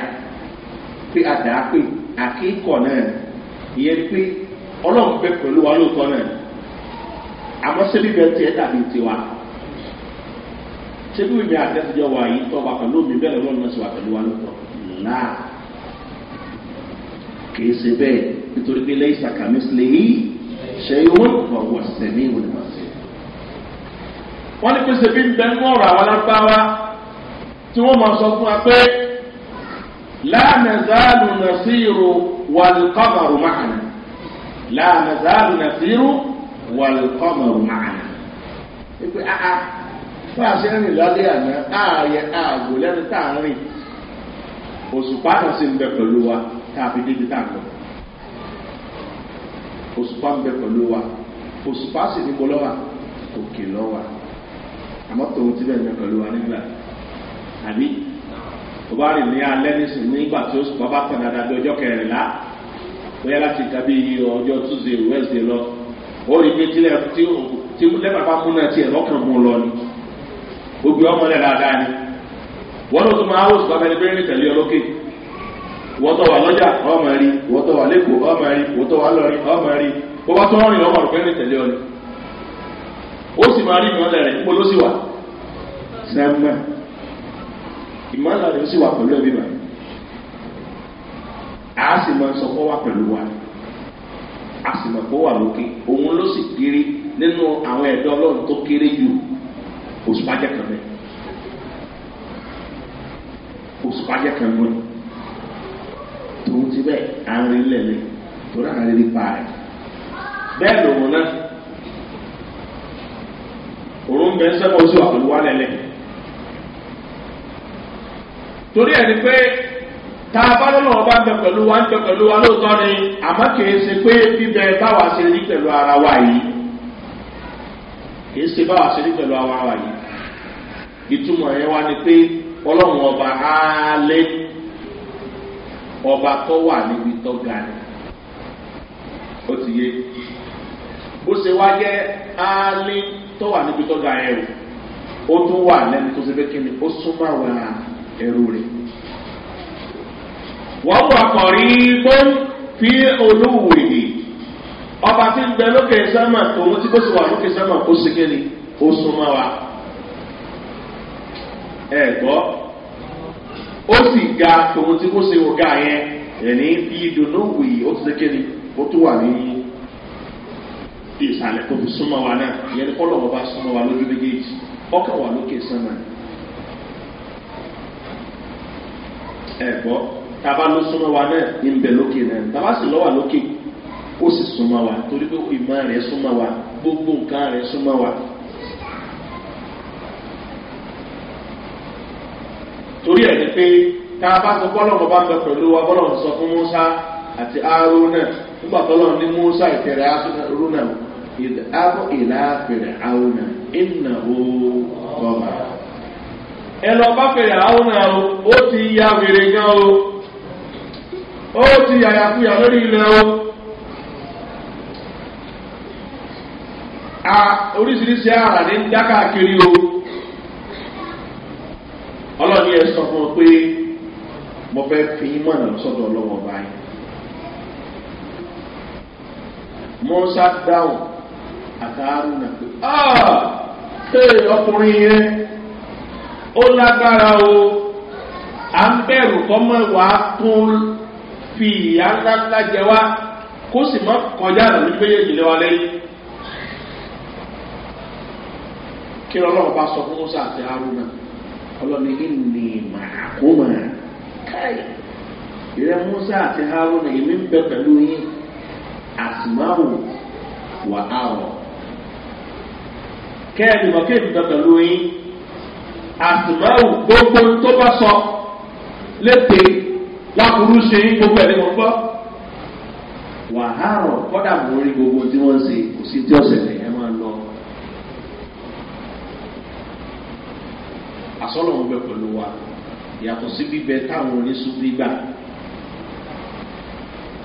pé àdàápè àkíkọ̀ náà ìyẹn pé ọlọ́run pẹ́ pẹ̀lú wa lóòótọ́ náà àmọ́ ṣé bíbẹ̀ tiẹ̀ tàbí tiwa ṣé bíbẹ̀ mi àtẹ́síjọ́ wa yìí tọ́ wa pẹ̀lú mi bẹ́ẹ̀ lọ́nà sí wa pẹ̀lú wa lóòótọ́ ńlá kìí ṣe bẹ́ẹ̀ nítorí pé lẹ́yìn sàkàmì sílẹ̀ yìí ṣe owó ìfọwọ́ sẹ́mi ìwé ni wọ́n ṣe. wọ́n ní pèsè bí bẹ́ẹ̀ ń mọ̀ ọ̀rọ̀ àwọn alágbáwá tí wọ́n mọ̀ sọ fún wa pé láàmẹ̀záàlù nàṣírù wàlùkọ́mọ̀rù máàna láàmẹ̀záàlù nàṣírù wàlùkọ́mọ̀rù máàna. pé áá fún àṣírí lálẹ́ àná ààyè ààbò lẹ́nu tá à ń rìn òṣùpá náà sì ń bẹ pẹ̀lú wa tá a fi débi tá a lọ. òṣùpá ń bẹ pẹ̀lú wa òṣùpá sì ní bolówà òkè lọ́wà àmọ́ tòun ti bẹ̀ ń bẹ pẹ̀lú wa nígbà yìí àbí tó bá rìn ní alẹ́ nísìnyí nígbà tí ó sùpá bá tàn dáadáa bí ọjọ́ kẹrìnlá bóyá láti ìta bí ọjọ́ tuesday wednesday lọ ó rí pé tí lẹ́bà bá mú náà tiẹ̀ lọ́kàn mú lọ ni gbogbo ọmọ rẹ̀ dáadáa ni wọ́n ló tún máa wò sùpá bẹ́ẹ̀ bẹ́ẹ̀ tẹ̀lé ọlọ́kè wọ́n tọ̀ wà lọ́jà ọmọ rí wọ́n tọ̀ wà lẹ́kọ̀ọ́ ọmọ rí wọ́n tọ̀ wà lọ́rin ọmọ rí bó bá tó rìn ọmọ rẹ̀ bẹ́ẹ̀ tẹ̀lé ọlọ́ ó sì máa rí ìmọ̀lẹ̀ rẹ̀ níbo ló sì wà sẹ́gbẹ́ ìmọ̀lá rẹ̀ ó sì wà pẹ̀lú ẹbí báyìí a sì máa sọ fọ́ wà pẹ̀lú wa a sì máa kó wà lókè òun ló sì kéré nínú àwọn ẹ̀dọ́ ọlọ́run tó kéré jù òṣùpájẹ́ kan bẹ́ẹ̀ òṣùpájẹ́ kan bẹ́ẹ̀ tòun ti bẹ́ẹ̀ àárín lẹ́lẹ̀ torí àárín rí pa rẹ̀ bẹ́ẹ̀ lòun náà òun bẹ́ẹ̀ sẹ́wọ̀n ó wà pẹ̀lú wa lẹ́lẹ̀. torí ẹni pé tá a bá lọ́nà ọba ń bẹ pẹ̀lú wa ń bẹ pẹ̀lú wa lóòótọ́ ni àmọ́ kìí ṣe pé bíbẹ báwa ṣe rí pẹ̀lú ara wa yìí kìí ṣe báwa ṣe rí pẹ̀lú ara wa yìí ìtumọ̀ yẹn wá ni pé ọlọ́run ọba á ọba tó wà níbi tó ga ni ó ti yé bó ṣe wá o ó tún wà lẹ́nu ẹrú rẹ̀. wọ́n wà kọ̀rí tó ń fi olówó èdè ọba tí ń bẹ lókè sẹ́mà tòun tí kò sì wà lókè sẹ́mà kó sì ó súnmọ́ wa. ẹ gbọ́ ó sì ga tòun tí kò sì wò ga yẹn ẹ̀ní fi dùnú wì ó ti ṣe kéde ó tún wà ní ìsàlẹ̀ tó fi súnmọ́ wa náà ìyẹn ni kọ́lọ̀ ọba súnmọ́ wa lójú méjèèjì ọkàn wà lókè sẹ́mà ẹ̀gbọ́ tàbá ló súnmọ́ wa náà ń bẹ̀ lókè náà tàbá sì lọ́wà lókè ó sì súnmọ́ wa torí pé ìmọ̀ rẹ̀ súnmọ́ wa gbogbo nǹkan rẹ̀ súnmọ́ wa. torí ẹ̀ ni pé tá a bá sọ bá ń bẹ pẹ̀lú wa bọ́lọ́mọ sọ fún musa àti aruna nígbà tọ́lọ́mọ ní musa ìkẹrẹ aruna ìlà fèrè aruna ìnáwó bọ́ọ̀mà. ẹ lọ bá àwọn náà o ó ti ya wèrè gan o ó ti yàyàkuyà lórí ilẹ̀ o a oríṣiríṣi ara ní dákàkiri o ọlọ́ni ẹ sọ fún ọ pé mo fẹ́ fi mọ̀nà sọ́dọ̀ ọlọ́wọ́ báyìí mọ́sá dáhùn àtàrùn náà pé ah, ọkùnrin yẹn. ó lágbára o à ń bẹ̀rù kọ́mọ wà tún fi ìyá ńláńlá jẹ wá kó sì má kọjá àná ní méjèèjì lé wa lẹ́yìn. kí ọlọ́run bá sọ fún musa àti haruna ọlọ́ni ìní màkúmà káì ìrẹ musa àti haruna èmi ń bẹ pẹ̀lú yín àsìmáwò wà á mọ̀ kéèdì bẹ pẹ̀lú yín àtùmáwù gbogbo tó bá sọ létè lákùrú ṣe yín gbogbo ẹ̀ ní mo gbọ́. wàhálà kọ́dà mo rí gbogbo tí wọ́n ń ṣe kò sí tí ọ̀sẹ̀ lẹ̀ ẹ̀ máa lọ. àsọ̀lọ̀ ń bẹ pẹ̀lú wa yàtọ̀ sí bíbẹ táwọn oníṣubú gbà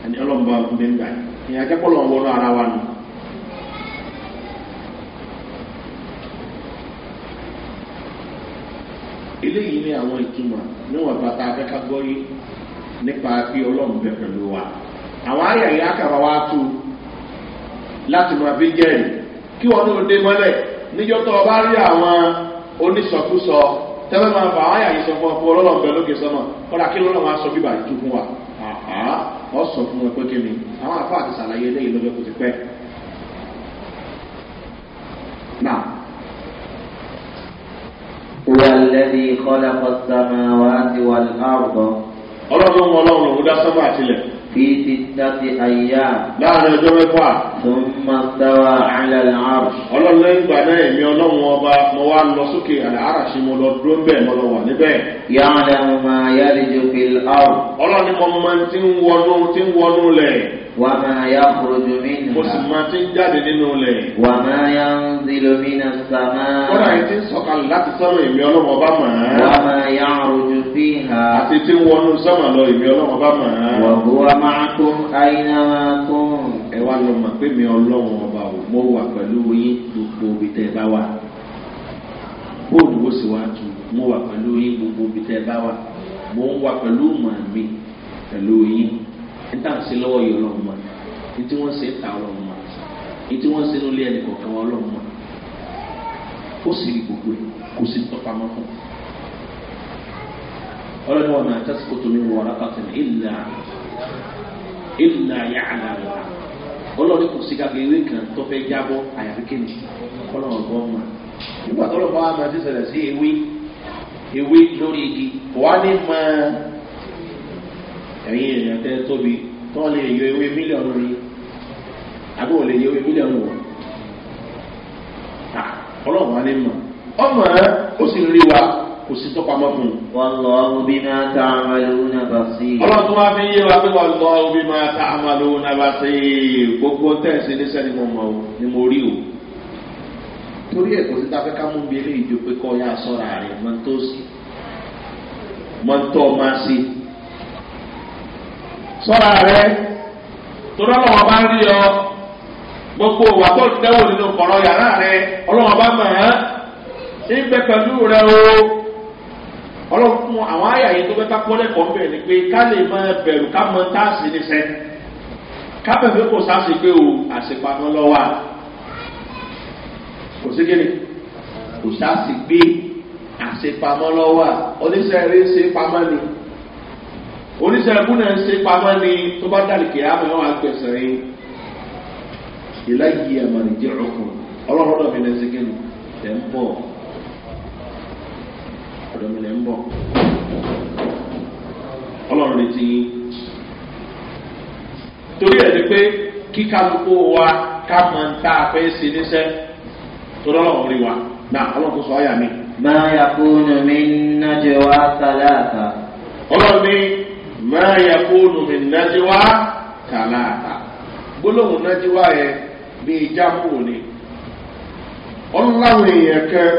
ẹni ọlọ́mọba ọkùnrin gbà ìyàjẹ́pọ̀ lọ́wọ́ náà ara wa nù. eléyìí ní àwọn ìtumọ̀ níwọ̀n bàtà abẹ́ká gbọ́yé nípa bí ọlọ́run bẹ pẹ̀lú wa àwọn àyà yìí àkàrà wa tu láti máa bí jẹ́rì kí wọ́n ní o dé mọ́lẹ̀ níjọ́ tó o bá rí àwọn onísọkúsọ tẹ́lẹ̀ máa fà àwọn àyà yìí sọ fún ọkọ ọlọ́run bẹ lókè sọ́mọ̀ kọ́dà kí lọ́nà máa sọ bíbà ìtú fún wa wọ́n sọ fún wọn pé kí ni àwọn àfáà ti sàlàyé eléyìí lọ́jọ́ kò ti pẹ́ الذي خلق السماوات والأرض ọlọ́run ọlọ́run ló dá sọ́mọ́ àtìlẹ̀. fi ti dàtí àyà. láàrin ọjọ́ mẹ́fà. tó ń ma sáwà àlẹ́ àrùn. ọlọ́run lẹ́yìn ìgbà náà èmi ọlọ́run ọba mo wá lọ sókè àlẹ́ àràṣí mo lọ dúró bẹ́ẹ̀ mo lọ wà níbẹ̀. yàrá mo máa yára jù fi àrùn. ọlọ́run ni mo máa ti ń wọnú ti ń wọnú lẹ̀ wà máa yá kúròjò mí nà. mo sì máa ti ń jáde nínú ilẹ̀. wà máa yá ń zilo mí nà sàmá. kódà yìí ti ń sọ̀kalẹ̀ láti sọ́nà ìmí ọlọ́mọ bá mà á. wà máa yá àròjò sí ha. àti tí ń wọnú sọ́mà lọ ìmí ọlọ́mọ bá mà á. wà bó wa máa kún àyínà máa kún. ẹ wá lọ mà pé mi ọlọ́wọ́ ọba ò mo wà pẹ̀lú yín gbogbo ibi tẹ́ ẹ bá wà. bóòlù wo sì wá tu mo wà pẹ̀lú yín gbogbo ibi tẹ́ ẹ bá wà. mo wà pẹ̀lú màmí pẹ̀lú yín níta ń se lọ́wọ́ yìí ọlọ́run mọ́ ní tí wọ́n ń se ta ọlọ́run mọ́ ní tí wọ́n ń se lólé ẹnì kọ̀ọ̀kan ọlọ́run mọ́ sì rí gbogbo ẹ̀ kò sí tọ́pamọ́ fún ọlọ́run wọn náà tẹ́sí kótó mi wọ̀ ọ́lápàtẹ́ ìlà ìlà yà á nà wà ọlọ́run kò sí gàgé ewé kan tó fẹ́ jábọ́ àyàfi kéde ọlọ́run bọ́ mọ́ nígbà tó lọ́ bá wà máa ti sẹ̀lẹ̀ sí ewé ewé lórí igi wà á ní máa ẹ̀yin èèyàn tẹ́ tóbi tó lè yọ ewé mílíọ̀nù rí àbí ò lè yọ ewé mílíọ̀nù wọ̀ ọlọ́run wa ni mọ̀ ọmọ ẹ ó sì rí wa kò sí tọ́pamọ́ fún un. wọ́n lọ ọ̀hún bí máa ta àmàlú náà bá sí i. ọlọ́run tó máa fi yé wa pé wọ́n lọ bí máa ta àmàlú náà bá sí gbogbo tẹ̀sí níṣẹ́ ni mo mọ̀ o ni mo rí o. torí ẹ̀ kò sí ta fẹ́ ká mú bí eléyìí ju pé kọ́ ya sọ́ra rẹ̀ mọ́ sí mọ́ máa sí sọ́ra rẹ torí ọlọ́wọ́ bá ń rí ọ gbogbo wà tó dẹ́wò nínú kọ̀rọ̀ yàrá rẹ ọlọ́wọ́ bá mọ̀ ẹ́ ìgbẹ́ pẹ̀lú rẹ o ọlọ́wọ́ fún àwọn àyà yìí tó fẹ́ ká pọ́lẹ́ kọ́ bẹ̀ ni pé ká lè máa bẹ̀rù ká mọ táàsì ní sẹ́ ká bẹ̀rù kò sáàsì pé o àṣepamọ́ lọ́wọ́ kò sí kíni kò sáàsì pé àṣepamọ́ lọ́wọ́ oníṣẹ́ eré ṣe pamọ́ ni oníṣẹ́ ẹ̀kú náà ń ṣe pamọ́ ni tó bá dàlùkì àmọ́ wọn àgbẹ̀sẹ̀ yín ìlàjì àmàlì jẹ́ ọkùn ọlọ́run náà mi lè ṣe kéde ẹ̀ ń bọ̀ ọ̀dọ̀ mi lè ń bọ̀ ọlọ́run retí yín torí ẹ̀ ni pé kíkálukú wa ká máa ń tá a fẹ́ níṣẹ́ tó lọ́lọ́run rí wa náà ọlọ́run tó sọ ọ́ yà mí. máa yà kúrò mi nájẹ wá sálẹ̀ àtà. ọlọ́run ní. máa ya kóònù mi nájíwá tàlàtà gbólóhùn nájíwá yẹn bí jápò ni ọlọ́láwọn èèyàn kan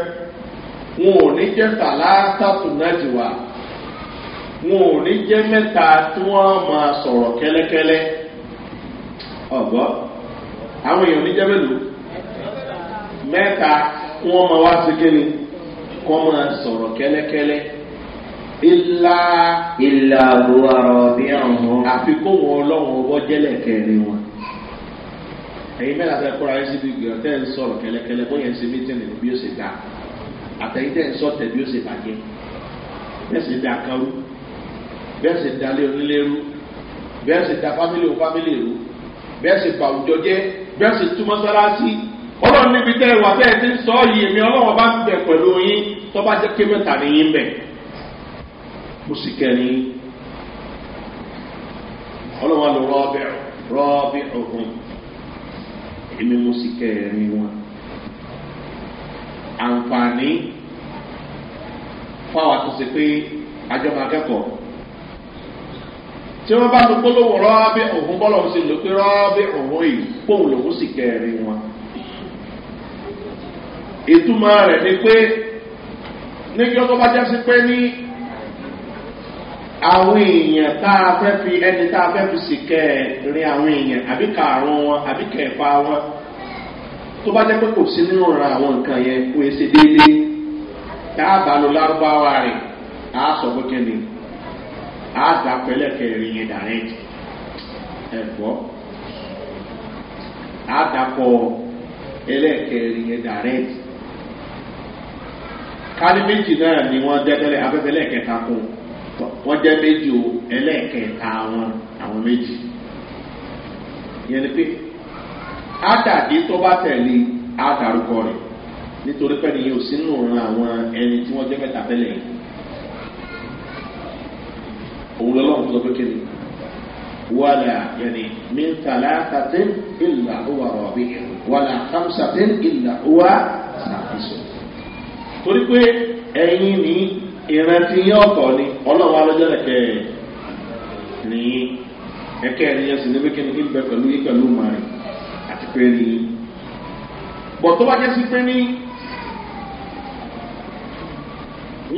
wọn ò ní jẹ́ tàlàtà tó wọn ò ní jẹ́ mẹ́ta tí wọ́n máa ilà ilà àbúrò bí àwọn. àfikún wọn ọlọ́run ọwọ́ jẹ́lẹ̀ kẹrin wọn. ẹ̀yin mẹ́ta fẹ́ kóra ẹ̀ síbi gbìyànjú tẹ́ ń sọ̀rọ̀ kẹlẹ́kẹlẹ́ bóyá ẹ̀ ń ṣe mítìnì bí ó ṣe dá àtẹ̀yìn tẹ́ ń sọ̀tẹ̀ bí ó ṣe bàjẹ́ bẹ́ẹ̀ sì da kan rú bẹ́ẹ̀ sì da lé onílé bẹ́ẹ̀ sì da fámílì o fámílì rú bẹ́ẹ̀ sì bà òjò jẹ́ bẹ́ẹ̀ sì túmọ̀ sára sí ọlọ́run níbi tẹ́ ẹ wà bẹ́ẹ̀ ti ń sọ yìí èmi ọlọ́run bá ń bẹ̀ pẹ̀lú yín mo sì الرابع رابعهم، lọ rọ́ọ̀bì rọ́ọ̀bì ọ̀hún èmi mo sì kẹ́ni wọn. àǹfààní fáwọn àtúnṣe pé àjọmọ akẹ́kọ̀ọ́ tí wọ́n bá tó polówó rọ́ọ̀bì ọ̀hún bọ́lọ̀ sí ló pé rọ́ọ̀bì yìí póun lòún sì kẹ́ni wọn. ìtumọ̀ rẹ̀ ni pé níjọ́ tó bá jásí pé ní. àwọn èèyàn tá a fẹ́ fi ẹni tá a fẹ́ fi sìkẹ́ àwọn èèyàn àbí kààrún wọn àbí kẹfà wọn tó bá jẹ́ pé kò sí nínú ra àwọn nǹkan yẹn kó e ṣe déédéé tá a bá lo lárúbáwá rẹ̀ a sọ pé kẹ́ni dà yẹn yẹn wọ́n jẹ́ méjì o ẹlẹ́ẹ̀kẹta wọn àwọn méjì yẹn ni pé ádàdé tó bá tẹ̀lé ádàrúkọ rẹ̀ nítorí pẹ́ni yóò sínú ran àwọn ẹni tí wọ́n jẹ́ mẹ́ta tẹ́lẹ̀ yìí òun lọ́wọ́ tó sọ pé kéde wàlà yẹni mintala tàtẹ́ ìlà òwà rọ̀bì wàlà kàmsàtẹ́ ìlà òwà sàfisọ torí pé ẹ̀yin ni. ìrántí yín ọ̀tọ̀ ni ọlọ́run alọ́jọ́ ẹ̀kẹ́ ní ẹ̀kẹ́ ẹ̀nìyàn sì ní wíkẹ́ni kí n bẹ pẹ̀lú yín pẹ̀lú màrí àti pé ní bọ̀ tó bá jẹ́ sí pé ní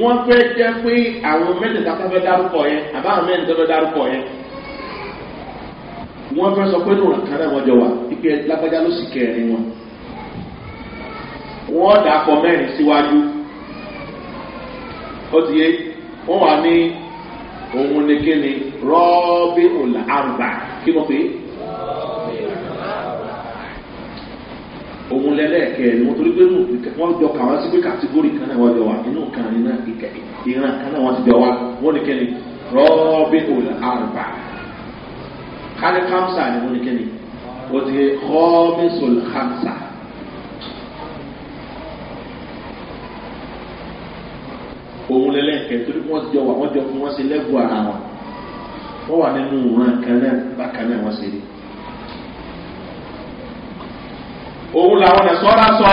wọ́n fẹ́ jẹ́ pé àwọn mẹ́tẹ̀ẹ̀ta fẹ́ dárúkọ yẹn àbáwọn mẹ́tẹ̀ẹ̀ta fẹ́ dárúkọ yẹn wọ́n fẹ́ sọ pé ní òrùn kan wọ́n ó ti yé wọ́n wà ní òun ni kí ni rọ́ọ̀bì ọ̀là àrùbà kí mo pè é. òun lẹ́lẹ́kẹ̀ẹ́ ni wọ́n torí pé wọ́n jọ kà wọ́n sí pé kàtígórì kan náà wọ́n jọ wà nínú kan iná ìkẹ́ ìran kan náà wọ́n ti jọ wà wọ́n ní ni rọ́ọ̀bì ọ̀là àrùbà kálí kámsà ni wọ́n ní ni ó ti rọ́ọ̀bì ọ̀là kámsà. òun lẹ́lẹ́kẹ̀ torí jọ wà jọ fún wọ́n ṣe lẹ́bù ara wọn wọ́n wà nínú ìran kan náà bákan náà rí. òun làwọn sọ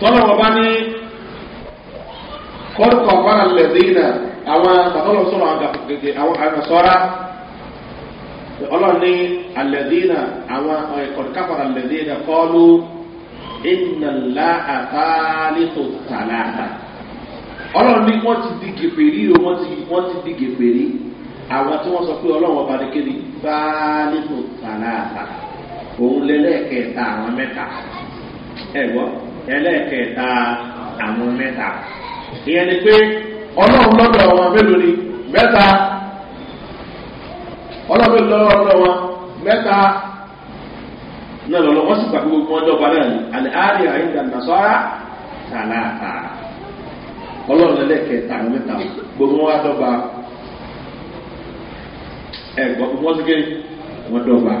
tọ́lọ́wọ́ bá ní kọ́ńtọ̀ fara lẹ́dínà àwọn a sọ̀rọ̀ àgàgègè àwọn àgbàsọ́ra ọlọ́ni alẹ́dínà àwọn ẹ̀kọ́ńtàfara lẹ́dínà kọ́ọ́lù ìnàlá àtàlítò tàlàtà. ọlọ́run ní wọ́n ti di gèpèrí o wọ́n ti wọ́n ti di gèpèrí àwọn tí wọ́n sọ pé ọlọ́run ọba ní kéde báálí tó tààlà àtàlà òun lẹ́lẹ́kẹ̀ẹ́ta àwọn mẹ́ta ẹ̀gbọ́n lẹ́lẹ́kẹ̀ẹ́ta àwọn mẹ́ta ìyẹn ni pé ọlọ́run lọ́dọ̀ wọn mélòó ni mẹ́ta ọlọ́run lọ́dọ̀ wọn mẹ́ta náà lọ́lọ́ wọ́n sì gbàgbé gbogbo wọn dọ́gba náà ni àlẹ́ àárẹ̀ àyíǹda nàṣọ́ra tààlà àtàlà. ọlọ́run lẹ́lẹ́kẹta àwọn mẹ́ta gbogbo wọn dọ́gba ẹ̀gbọ́n wọn sì kéré wọn dọ́gba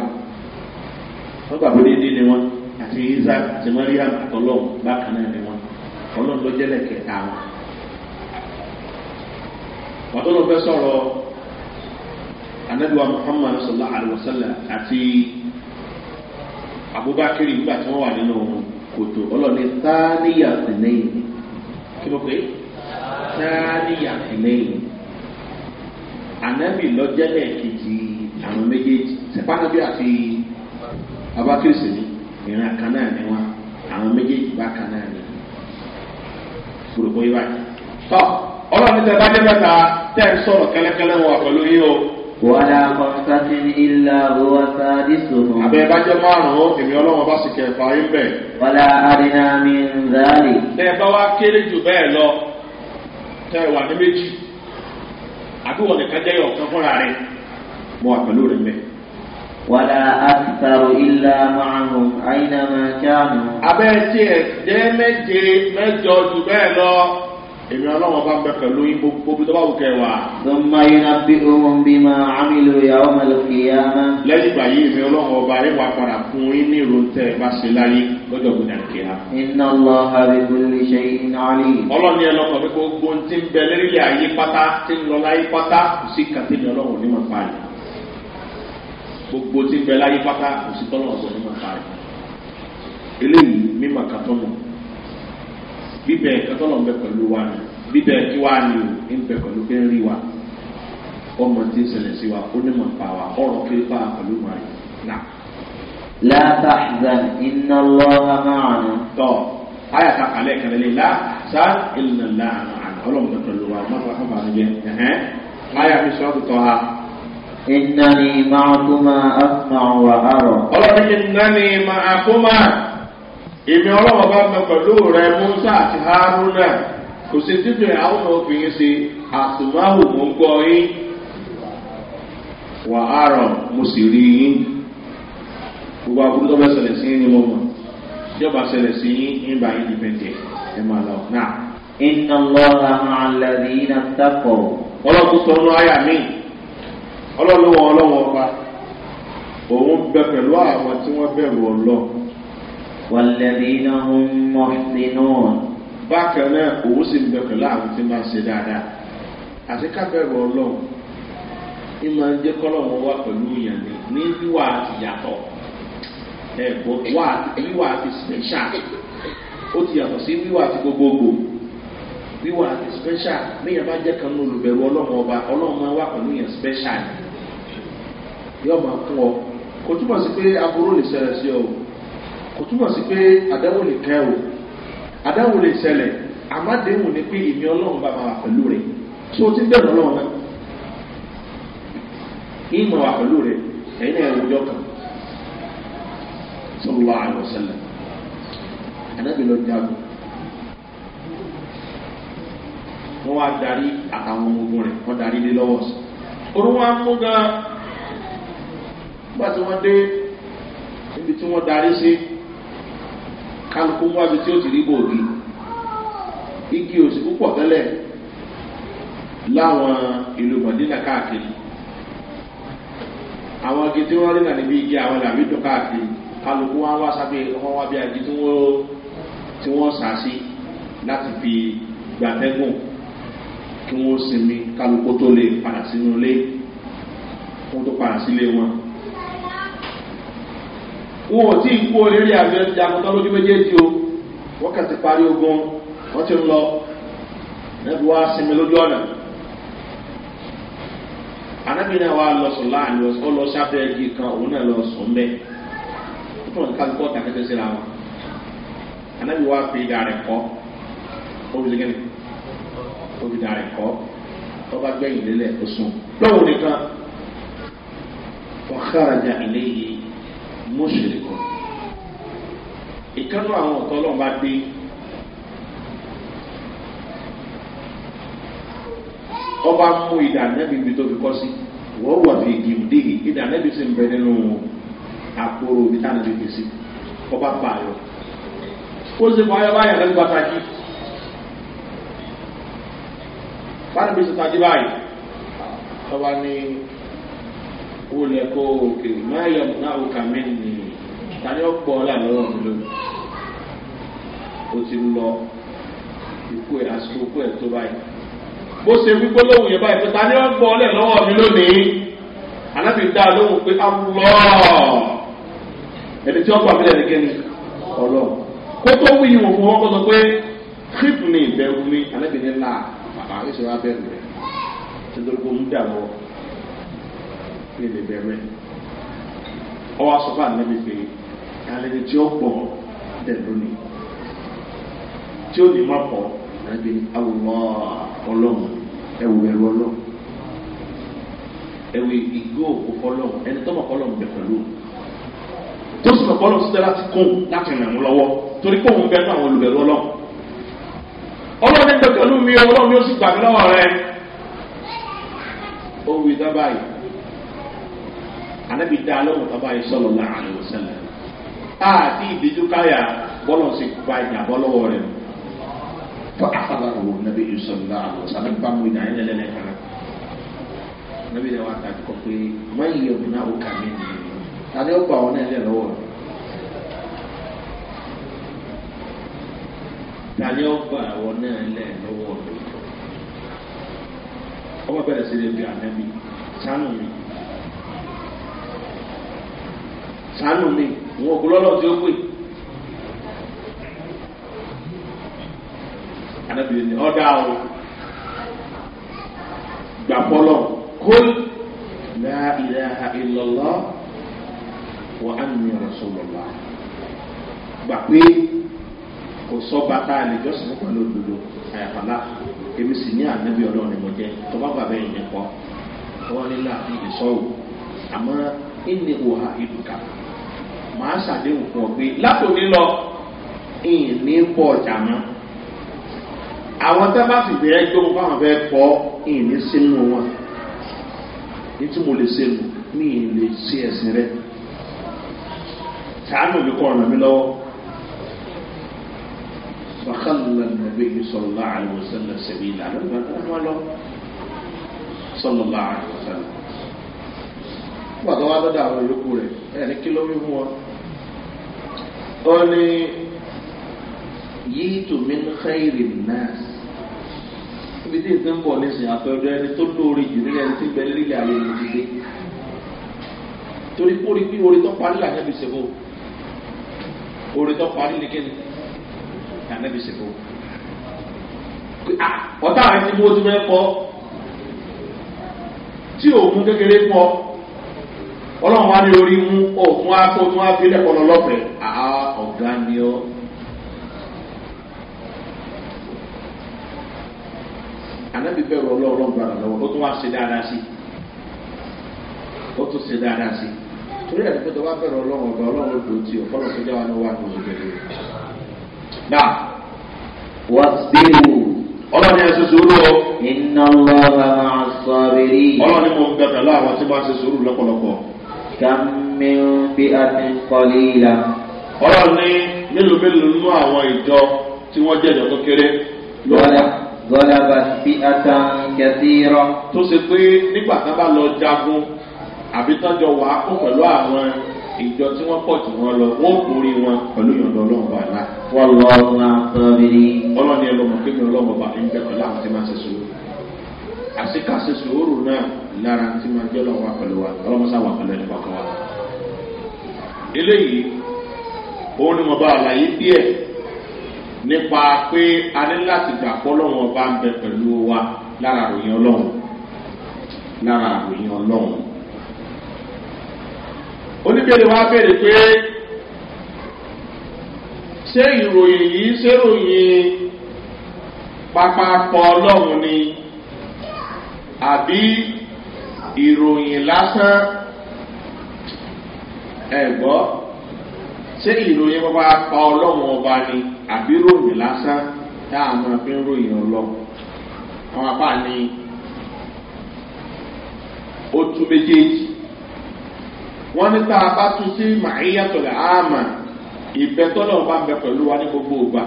wọn gbàgbọ́ déédéé ni wọn àti isaac àti mariam àtọ́lọ́hún bákan náà ni wọn ọlọ́run ló lẹ́kẹta wọn. wọn tó lọ fẹ́ sọ̀rọ̀ anabiwa muhammad sallallahu alayhi wa sallam àti abubakar nígbà tí wọ́n wà nínú kòtò ọlọ́run ní sí lẹ́yìn kí ló sáàlìyà lẹ́yìn ànábì lọ́jẹ́lẹ̀ kejì àwọn méjèèjì sèpánàbí àti abákíyèsí ni ìran kan náà ni wọn àwọn méjèèjì bákan náà ni gbogbo yìí báyìí. tọ́ ọlọ́run tẹ bá dé mẹ́ta tẹ́ ẹ sọ̀rọ̀ kẹ́lẹ́kẹ́lẹ́ wọn pẹ̀lú yín o. wàhálà kọ́ńtàtì ní ilà owó sáàdì sọ̀rọ̀. àbẹ̀ bájọ́ márùn-ún èmi ọlọ́run bá sì kẹfà yín bẹ̀. wàhálà àdínàmí ń rálì. tẹ bá wa kéré jù bẹ́ẹ̀ lọ ẹ wà ní méjì àbí wọn nìkan jẹ́ ọ̀kan fúnra rẹ̀ mo wà rẹ̀ mẹ́. wàlá àtàrò ilà márùn àyìnàmà jáàmù. abẹ́ tí ẹ̀ jẹ́ méje mẹ́jọ jù bẹ́ẹ̀ lọ èmi ọlọ́wọ́ bá ń bẹ pẹ̀lú gbogbo tó bá wù kẹwà. lọ́mọ iná bí ohun bí máa amílò ìyàwó mẹ́lòkìyà náà. lẹ́yìn ìgbà yìí èmi ọlọ́wọ́ ọba ẹ̀ wà padà fún yín ní ìròntẹ́ bá ṣe láyé lọ́jọ́ gbọdọ̀ kìlá. iná lọ àbíkú lè ṣe iná rí. ọlọ́ni ẹ lọ́kọ̀ pé gbogbo ohun tí bẹ lérílẹ̀ ayé pátá tí ń lọ láyé pátá kò sí kàtẹ́mi ọlọ́wọ́ ní màpá rẹ̀ gbogbo tí bíbẹ̀ kátọ́lọ̀ ń bẹ pẹ̀lú wa ni bíbẹ̀ kí wá ni o ń bẹ pẹ̀lú pé ń rí wa ọmọ tí ń ṣẹlẹ̀ sí wa ó ní mọ̀ pa wa ọ̀rọ̀ kiri pa pẹ̀lú màá yìí nà. láta àdán iná lọ́wọ́ máa nù. tọ́ ayà ká kàlẹ́ kẹlẹ́ lé la sa ìlànà làánà àná ọlọ́run bẹ pẹ̀lú wa má fà bàa jẹ ayà mi sọ́ọ́ tutọ́ ha. ìnáni máa kó máa á máa wà á rọ̀. ọlọ́run ìnáni máa kó máa. èmi ọlọ́wọ́ bá mẹ pẹ̀lú rẹ musa àti haruna kò sí títí àwọn obìnrin ṣe àtùmáwò mò ń yín wà á rọ̀ mo sì rí yín gbogbo àbúrò tó bá ṣẹlẹ̀ sí yín ni mo mọ̀ ṣẹlẹ̀ sí yín ẹ máa lọ náà. iná dákọ̀. ọlọ́run àyà والذين هم محسنون bákan náà òun sì ń bẹ ṣe kábẹ́rù ọlọ́run ní máa ń jẹ́ kọ́lọ́run wá pẹ̀lú ni ní wíwà àti yàtọ̀ ẹ̀bọ̀ wíwà àti special ó ti yàtọ̀ sí wíwà àti gbogbogbò ọba ọlọ́run máa pẹ̀lú special yóò máa kún ọ kò sí pé aburú lè ṣẹlẹ̀ kò túmọ̀ sí pé àdáwò lè kẹ́ o àdáwò lè ṣẹlẹ̀ ni pé èmi ọlọ́run bá máa wà pẹ̀lú rẹ̀ tí o ti bẹ̀rù ọlọ́run náà yìí máa wà pẹ̀lú rẹ̀ ẹ̀yin ẹ̀rù ọjọ́ kan sọlọ àlọ́ sẹlẹ̀ ànábì wọ́n wá darí àtàwọn rẹ̀ wọ́n darí lọ́wọ́ sí gbàtí dé níbi tí kálukú mú àbí tí ó ti rí bòógì igi òsì púpọ̀ tẹ́lẹ̀ láwọn ìlú mọ̀dínà káàkiri àwọn igi tí wọ́n rí nà níbi igi àwọn làbí dùn káàkiri kálukú wọn wá sábẹ́ wọn wá bí agi tí wọ́n sà sí láti fi gbàtẹ́gùn kí wọ́n sinmi kálukú tó lè padà sínú ilé wọ́n tó padà sílé wọn wọn ò tí ì kú oríire àjọ ẹsẹ akọtọ lójú méjèèjì o wọn kà ti parí ogun wọn ti ń lọ nẹbi wá sinmi lójú ọ̀nà anábì náà wà lọ sùn láàánú ó lọ sábẹ́ ẹ̀jì kan òun náà lọ sùn bẹ́ẹ̀ ó tún wọn kálukọ́ ta kẹ́kẹ́ síra wọn anábì wá fi ìdá rẹ̀ kọ́ obìnrin kẹ́ni obìnrin dà rẹ̀ kọ́ ọba gbẹ̀yìn lélẹ̀ kó sùn lọ́wọ́ nìkan wọ́n kára ja ilé yìí mọ́ṣẹ̀lẹ̀ kan ìkánú àwọn ọ̀tọ́ ọlọ́run bá dé ọba mú ìdánẹ́bí ibi tó fi kọ́ sí wọ́n wà fi gìmdì ìdánẹ́bí sì ń bẹ nínú àpòrò ibi tá à ń lè fi sí ọba pa ayọ ó sì fọ ayọ báyọ̀ lẹ́nu pàtàkì báyọ̀ bí sọ tají báyìí ọba ní kó lẹ kó òkè máyà náà kà mí nì tani ó pọ̀ ọ́là lọ́wọ́ mi lónìí o ti lọ ikú ẹ̀ àsìkò ikú ẹ̀ tó báyìí bó ṣe wípé lóhùn yẹn báyìí pé tani ó pọ̀ ọ́lẹ̀ lọ́wọ́ mi lónìí alábì dá lóhùn pé alọ́ ẹni tí wọ́n pa mí lẹ́nu kẹ́ni ọ̀lọ́ kó tó wí ìwọ̀n fún wọn kó sọ pé kíkù ní ìbẹ̀rù ní alábì ní là bàbá àríṣẹ́ wa bẹ̀rù rẹ̀ nítorí pé ó ń dà lọ́wọ́ ní lè bẹ̀rẹ̀ ọwọ́ asọ́fà níbi pé alẹ́ni tí ó pọ̀ dẹ̀ lónìí tí ó ní má pọ̀ ẹbí awùmọ́ ọlọ́run ẹwù ẹrù ọlọ́run ẹwù ìgbó òkú fọlọ́run ẹni tó mọ̀ fọlọ́run bẹ̀ pẹ̀lú tó sì mọ̀ fọlọ́run síta láti kún láti ràn án lọ́wọ́ torí pé òun bẹ̀rù àwọn olùbẹ̀rù ọlọ́run ọlọ́run ẹgbẹ̀ pẹ̀lú mi ọlọ́run yóò sì gbà mí lọ́wọ́ ó wí dábàá yìí. anabi dá lóhùn tó bá yẹ sọlọ láàrin òsèlè àti ìdíjú káyà bọ́lọ̀ sí gba ìjà bọ́ lọ́wọ́ rẹ̀ fún afárá wo nàbí yìí sọlọ láàrin òsèlè bá mú ìdá yẹn lẹ́lẹ́ kan nàbí yẹn wà á tàbí kọ pé wọ́n yẹ mi. sànù mi wọn ò gbọ́dọ̀ tí ó pè. anábìrin ni ọ̀dà o gbà pọ́lọ̀ kólú láìláha ìlọ́lọ́ wọ́n á nù rọ̀ṣọ́lọ́lá gbà pé kò sọ bàtà àlejòsìn pẹ̀lú òdodo àyàfàlà èmi sì ní ànábì ọlọ́run ni mo jẹ́ tó bá bàbá yìí nìkan wọ́n ní láàfin ìsọ̀rọ̀ àmọ́ ìní òhà ìdùkà màá ṣàdéhùn fún ọ pé látòní lọ ìní pọ̀ ọjà mọ́ àwọn tá bá sì bẹ̀rẹ̀ gbóhùn fáwọn fẹ́ kọ́ ìní sínú wọn ní tí mo lè ṣe lù ní ìlè sí ẹ̀sìn rẹ̀ sàánù mi kọ́ ọ̀nà mi lọ́wọ́. فخلى النبي صلى الله عليه وسلم سبيلا صلى الله عليه وسلم وضوى هذا دعوة يقول يعني كيلو يوم ó ní yìí tùmí ń xẹ́yìrì náà ibi tí ìsìn ń bọ̀ nísìnyí àfẹ́jọ́ ẹni tó lóore jù nílẹ̀ ẹni tí gbẹ̀lẹ́ lílẹ̀ ayé ni ti dé torí kó rí bí orí tó parí là nẹ́bi ṣe orí tó parí ni kíni là nẹ́bi ṣe ọ̀tá rẹ̀ bó ti mẹ́ kọ́ tí òun kékeré kọ́ ọlọ́run wá ní orí mú òkun á tó tún á fi lẹ́kọ̀ọ́ lọ lọ́fẹ̀ẹ́ àá ọ̀gá ni ọ́. ànábì bẹ̀rù ọlọ́run gbàdà lọ́wọ́ ó tún wá ṣe dáadáa sí ó tún ṣe dáadáa sí torí ẹ̀ tó wá bẹ̀rù ọlọ́run ọ̀gá ọlọ́run ló ti ọ̀fọ́lọ́ tó jáwá ní wà ní oṣù kẹfẹ́. nà wà sílù ọlọ́run ẹ̀ ṣoṣo iná lọ́wọ́ máa sọ mo ń bẹ àwọn tí wọ́n ṣe sùúrù lọ́pọ̀lọpọ̀ kàmí bí a ti ń kọ́lé ìlà. ọ̀rọ̀ ni mélòó mélòó nínú àwọn ìjọ tí wọ́n jẹ́ ìjọ tó kéré. lọ́dà lọ́dà bá bí a ta kẹsí rọ. tó ṣe pé nígbà tá a bá lọ jagun àbí tọ́jọ wà á kó pẹ̀lú àwọn ìjọ tí wọ́n pọ̀ jù wọ́n lọ wọ́n borí wọn pẹ̀lú ìyọ̀dọ̀ ọlọ́run bá wọ́n lọ ọ̀nà sọ́bìrì. ọlọ́run ẹlọmọ kékeré ọlọ́run ń bẹ̀rẹ̀ láwọn tí máa ṣe sòrò. àṣekàṣe sòrò náà lára tí máa jẹ́ lọ́wọ́ pẹ̀lú wa ọlọ́mọsá wà pẹ̀lú ẹni kọ̀ọ̀kan wa. eléyìí òun ni mo bá àlàyé díẹ̀ nípa pé a ní láti gbà pọ́ lọ́wọ́ bá ń bẹ pẹ̀lú wa lára àròyìn ọlọ́run lára àròyìn ọlọ́run. oníbẹ̀rẹ̀ wa bẹ̀rẹ̀ pé ṣé ìròyìn yìí ṣé ròyìn pápá pọ̀ ọlọ́run ni àbí ìròyìn lásán ẹ̀gbọ́ ṣé ìròyìn bàbá pa ọlọ́run ọba ni àbí ròyìn lásán tá a máa fi ń ròyìn ọlọ́run àwọn apá ni ó tún méjèèjì wọ́n ní tá a bá tún sí màáyàtọ̀ lẹ́ àmà ìbẹ́tọ́lọ́ bá ń bẹ pẹ̀lú wa ní gbogbo ògbà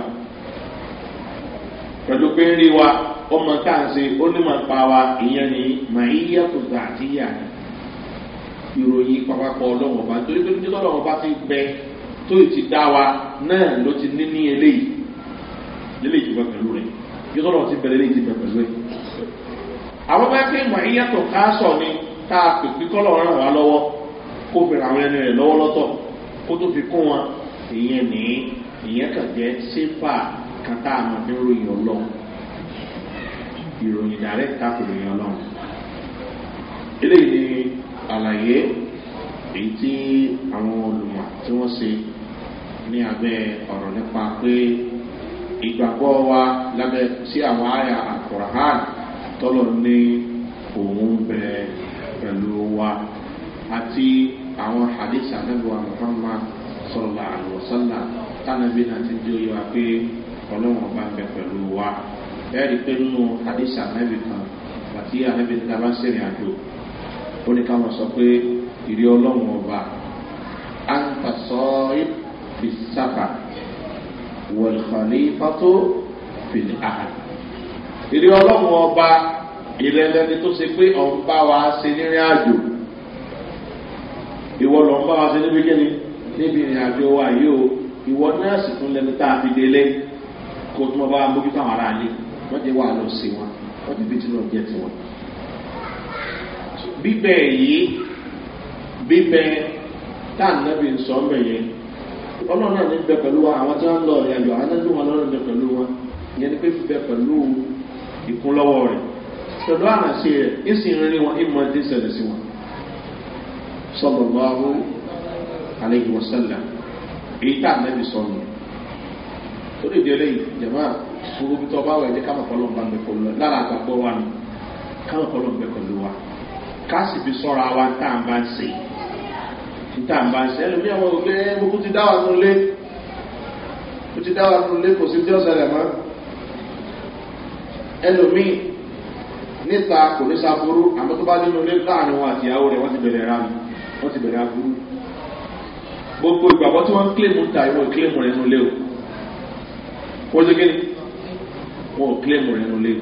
pẹ̀lú pé ń rí wa ó mọ tá à ń ṣe ó ní màá pa wa ìyẹn ni màá yíyá tó gbà àti yíyá ni ìròyìn papapọ̀ ọlọ́wọ̀n bá nítorí pé nítorí ọlọ́wọ̀n bá ti gbẹ tó ti dá wa náà ló ti ní ní eléyìí eléyìí ti bẹ pẹ̀lú rẹ̀ nítorí ọlọ́wọ̀n ti bẹ̀rẹ̀ eléyìí ti bẹ pẹ̀lú ẹ̀. àwọn bá pé màá yíyá tó ká sọ ni tá a pè pé kọ́lọ̀ ràn wá lọ́wọ́ kó fèrè àwọn ẹni rẹ̀ lọ́wọ́ lọ́tọ̀ kó tó fi kan tá a máa fi ń ròyìn ọlọ́run ìròyìn direct tàbí ìròyìn ọlọ́run eléyìí ni àlàyé èyí tí àwọn olùmọ̀ tí wọ́n ṣe ní abẹ́ ọ̀rọ̀ nípa pé ìgbàgbọ́ wa lábẹ́ sí àwọn àyà àkùrán tọ́lọ̀ ní òun bẹ pẹ̀lú wa àti àwọn hadith anábíwá muhammad sọ̀rọ̀ àlùwọ̀sánà tánàbí náà ti di oyè wa pé ọlọ́run ọba ń bẹ pẹ̀lú wa ẹ̀rí pé nínú àdìsá mẹ́bí kan àti àmẹ́bí ta bá sẹ̀rìn àjò ó ní káwọn sọ pé ìrí ọlọ́run ọba á ń tàṣọ ìfìsáfà wọ̀lùkànlé pátó fìlì àhàlì ìrí ọlọ́run ọba ìrẹ́lẹ́ni tó ṣe pé ọ̀n bá wa ṣe nírìn àjò ìwọ lọ́n bá wa ṣe níbi kíni níbi ìrìn àjò wa yìí o ìwọ náà sì lẹni tá a fi délé. kó tí wọ́n bá mójútó àwọn aráalé wọ́n ti wà lọ sí wọn wọ́n ti fi tí lọ jẹ́ tiwọn. bíbẹ yìí bíbẹ tá à ń sọ ọ́ mẹ́yẹ ọlọ́run náà ní bẹ pẹ̀lú wa àwọn tí wọ́n ń lọ ọ̀rẹ́ àjọ àwọn wọn bẹ ìyẹn ni pé wọn sí wọn. sọlọ èyí tá torí ìdí eléyìí jẹ̀mọ́ gbogbo bí tọ́ bá wà ẹ̀jẹ̀ káwọn kọ́lọ́ bá ń bẹ lára àgbàgbọ́ wa ni káwọn kọ́lọ́ ń bẹ pẹ̀lú wa ká sì fi sọ́ra wa tá à ń bá ń se tá à ń bá ń se ẹlòmíì àwọn òkè gbogbo ti dá wa nù lé ó ti dá wa nù lé kò sí tí ó sẹlẹ̀ mọ́ ẹlòmíì níta kò ní sàbúrú àmọ́ tó bá nínú ilé láàrin wọn àti rẹ̀ wọ́n ti bẹ̀rẹ̀ ra mi wọ́n ti bẹ̀rẹ̀ aburú gbogbo ìgbàgbọ́ tí wọ́n ń kílèmù ta ìwọ̀n ìkílèmù rẹ̀ nù lé o wọ́n ṣe kéde wọn ò kílẹ̀mù rẹ̀ nulẹ̀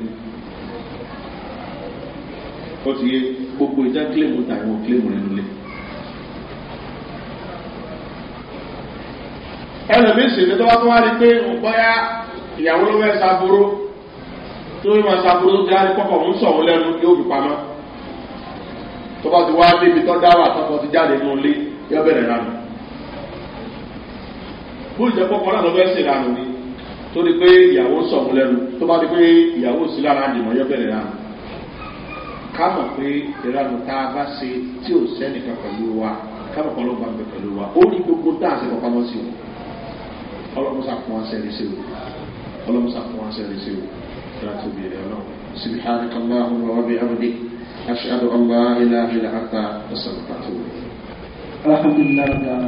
ó ti yé gbogbo ìjà kílẹ̀mù tàbí wọn ò kílẹ̀mù rẹ̀ nulẹ̀. ẹlòmíín sì ní tó bá tó wá rí pé bóyá ìyàwó ló fẹ́ sábúrú tó yẹ máa sábúrú tó ti á rí pọ́pọ̀ mú sọ̀rọ̀ lẹ́nu yóò fi pamọ́ tó bá ti wá débi tó dá wà tọkọ ti jáde nulẹ̀ yọ bẹ̀rẹ̀ lánàá bó ìjẹ́ pọ́pọ́ náà ló fẹ́ sè lánàá ni torí pé ìyàwó sọ̀mù lẹ́nu tó bá di pé ìyàwó sí lára àdìmọ̀ yọ bẹ̀rẹ̀ rà ká mọ̀ pé ìranù tá a bá ṣe tí ò sẹ́nìkan pẹ̀lú wa ká mọ̀ pọ̀lọ́ bá ń pẹ̀lú wa ó rí gbogbo tá a ṣe kọ́ pamọ́ sí o ọlọ́mú sàkún wa sẹ́ni sí o ọlọ́mú sàkún wa sẹ́ni sí o ìlà tó bí ẹ̀rọ náà síbi hàn kàlá ọmọ wa bí abudé aṣáájú ọlá ilá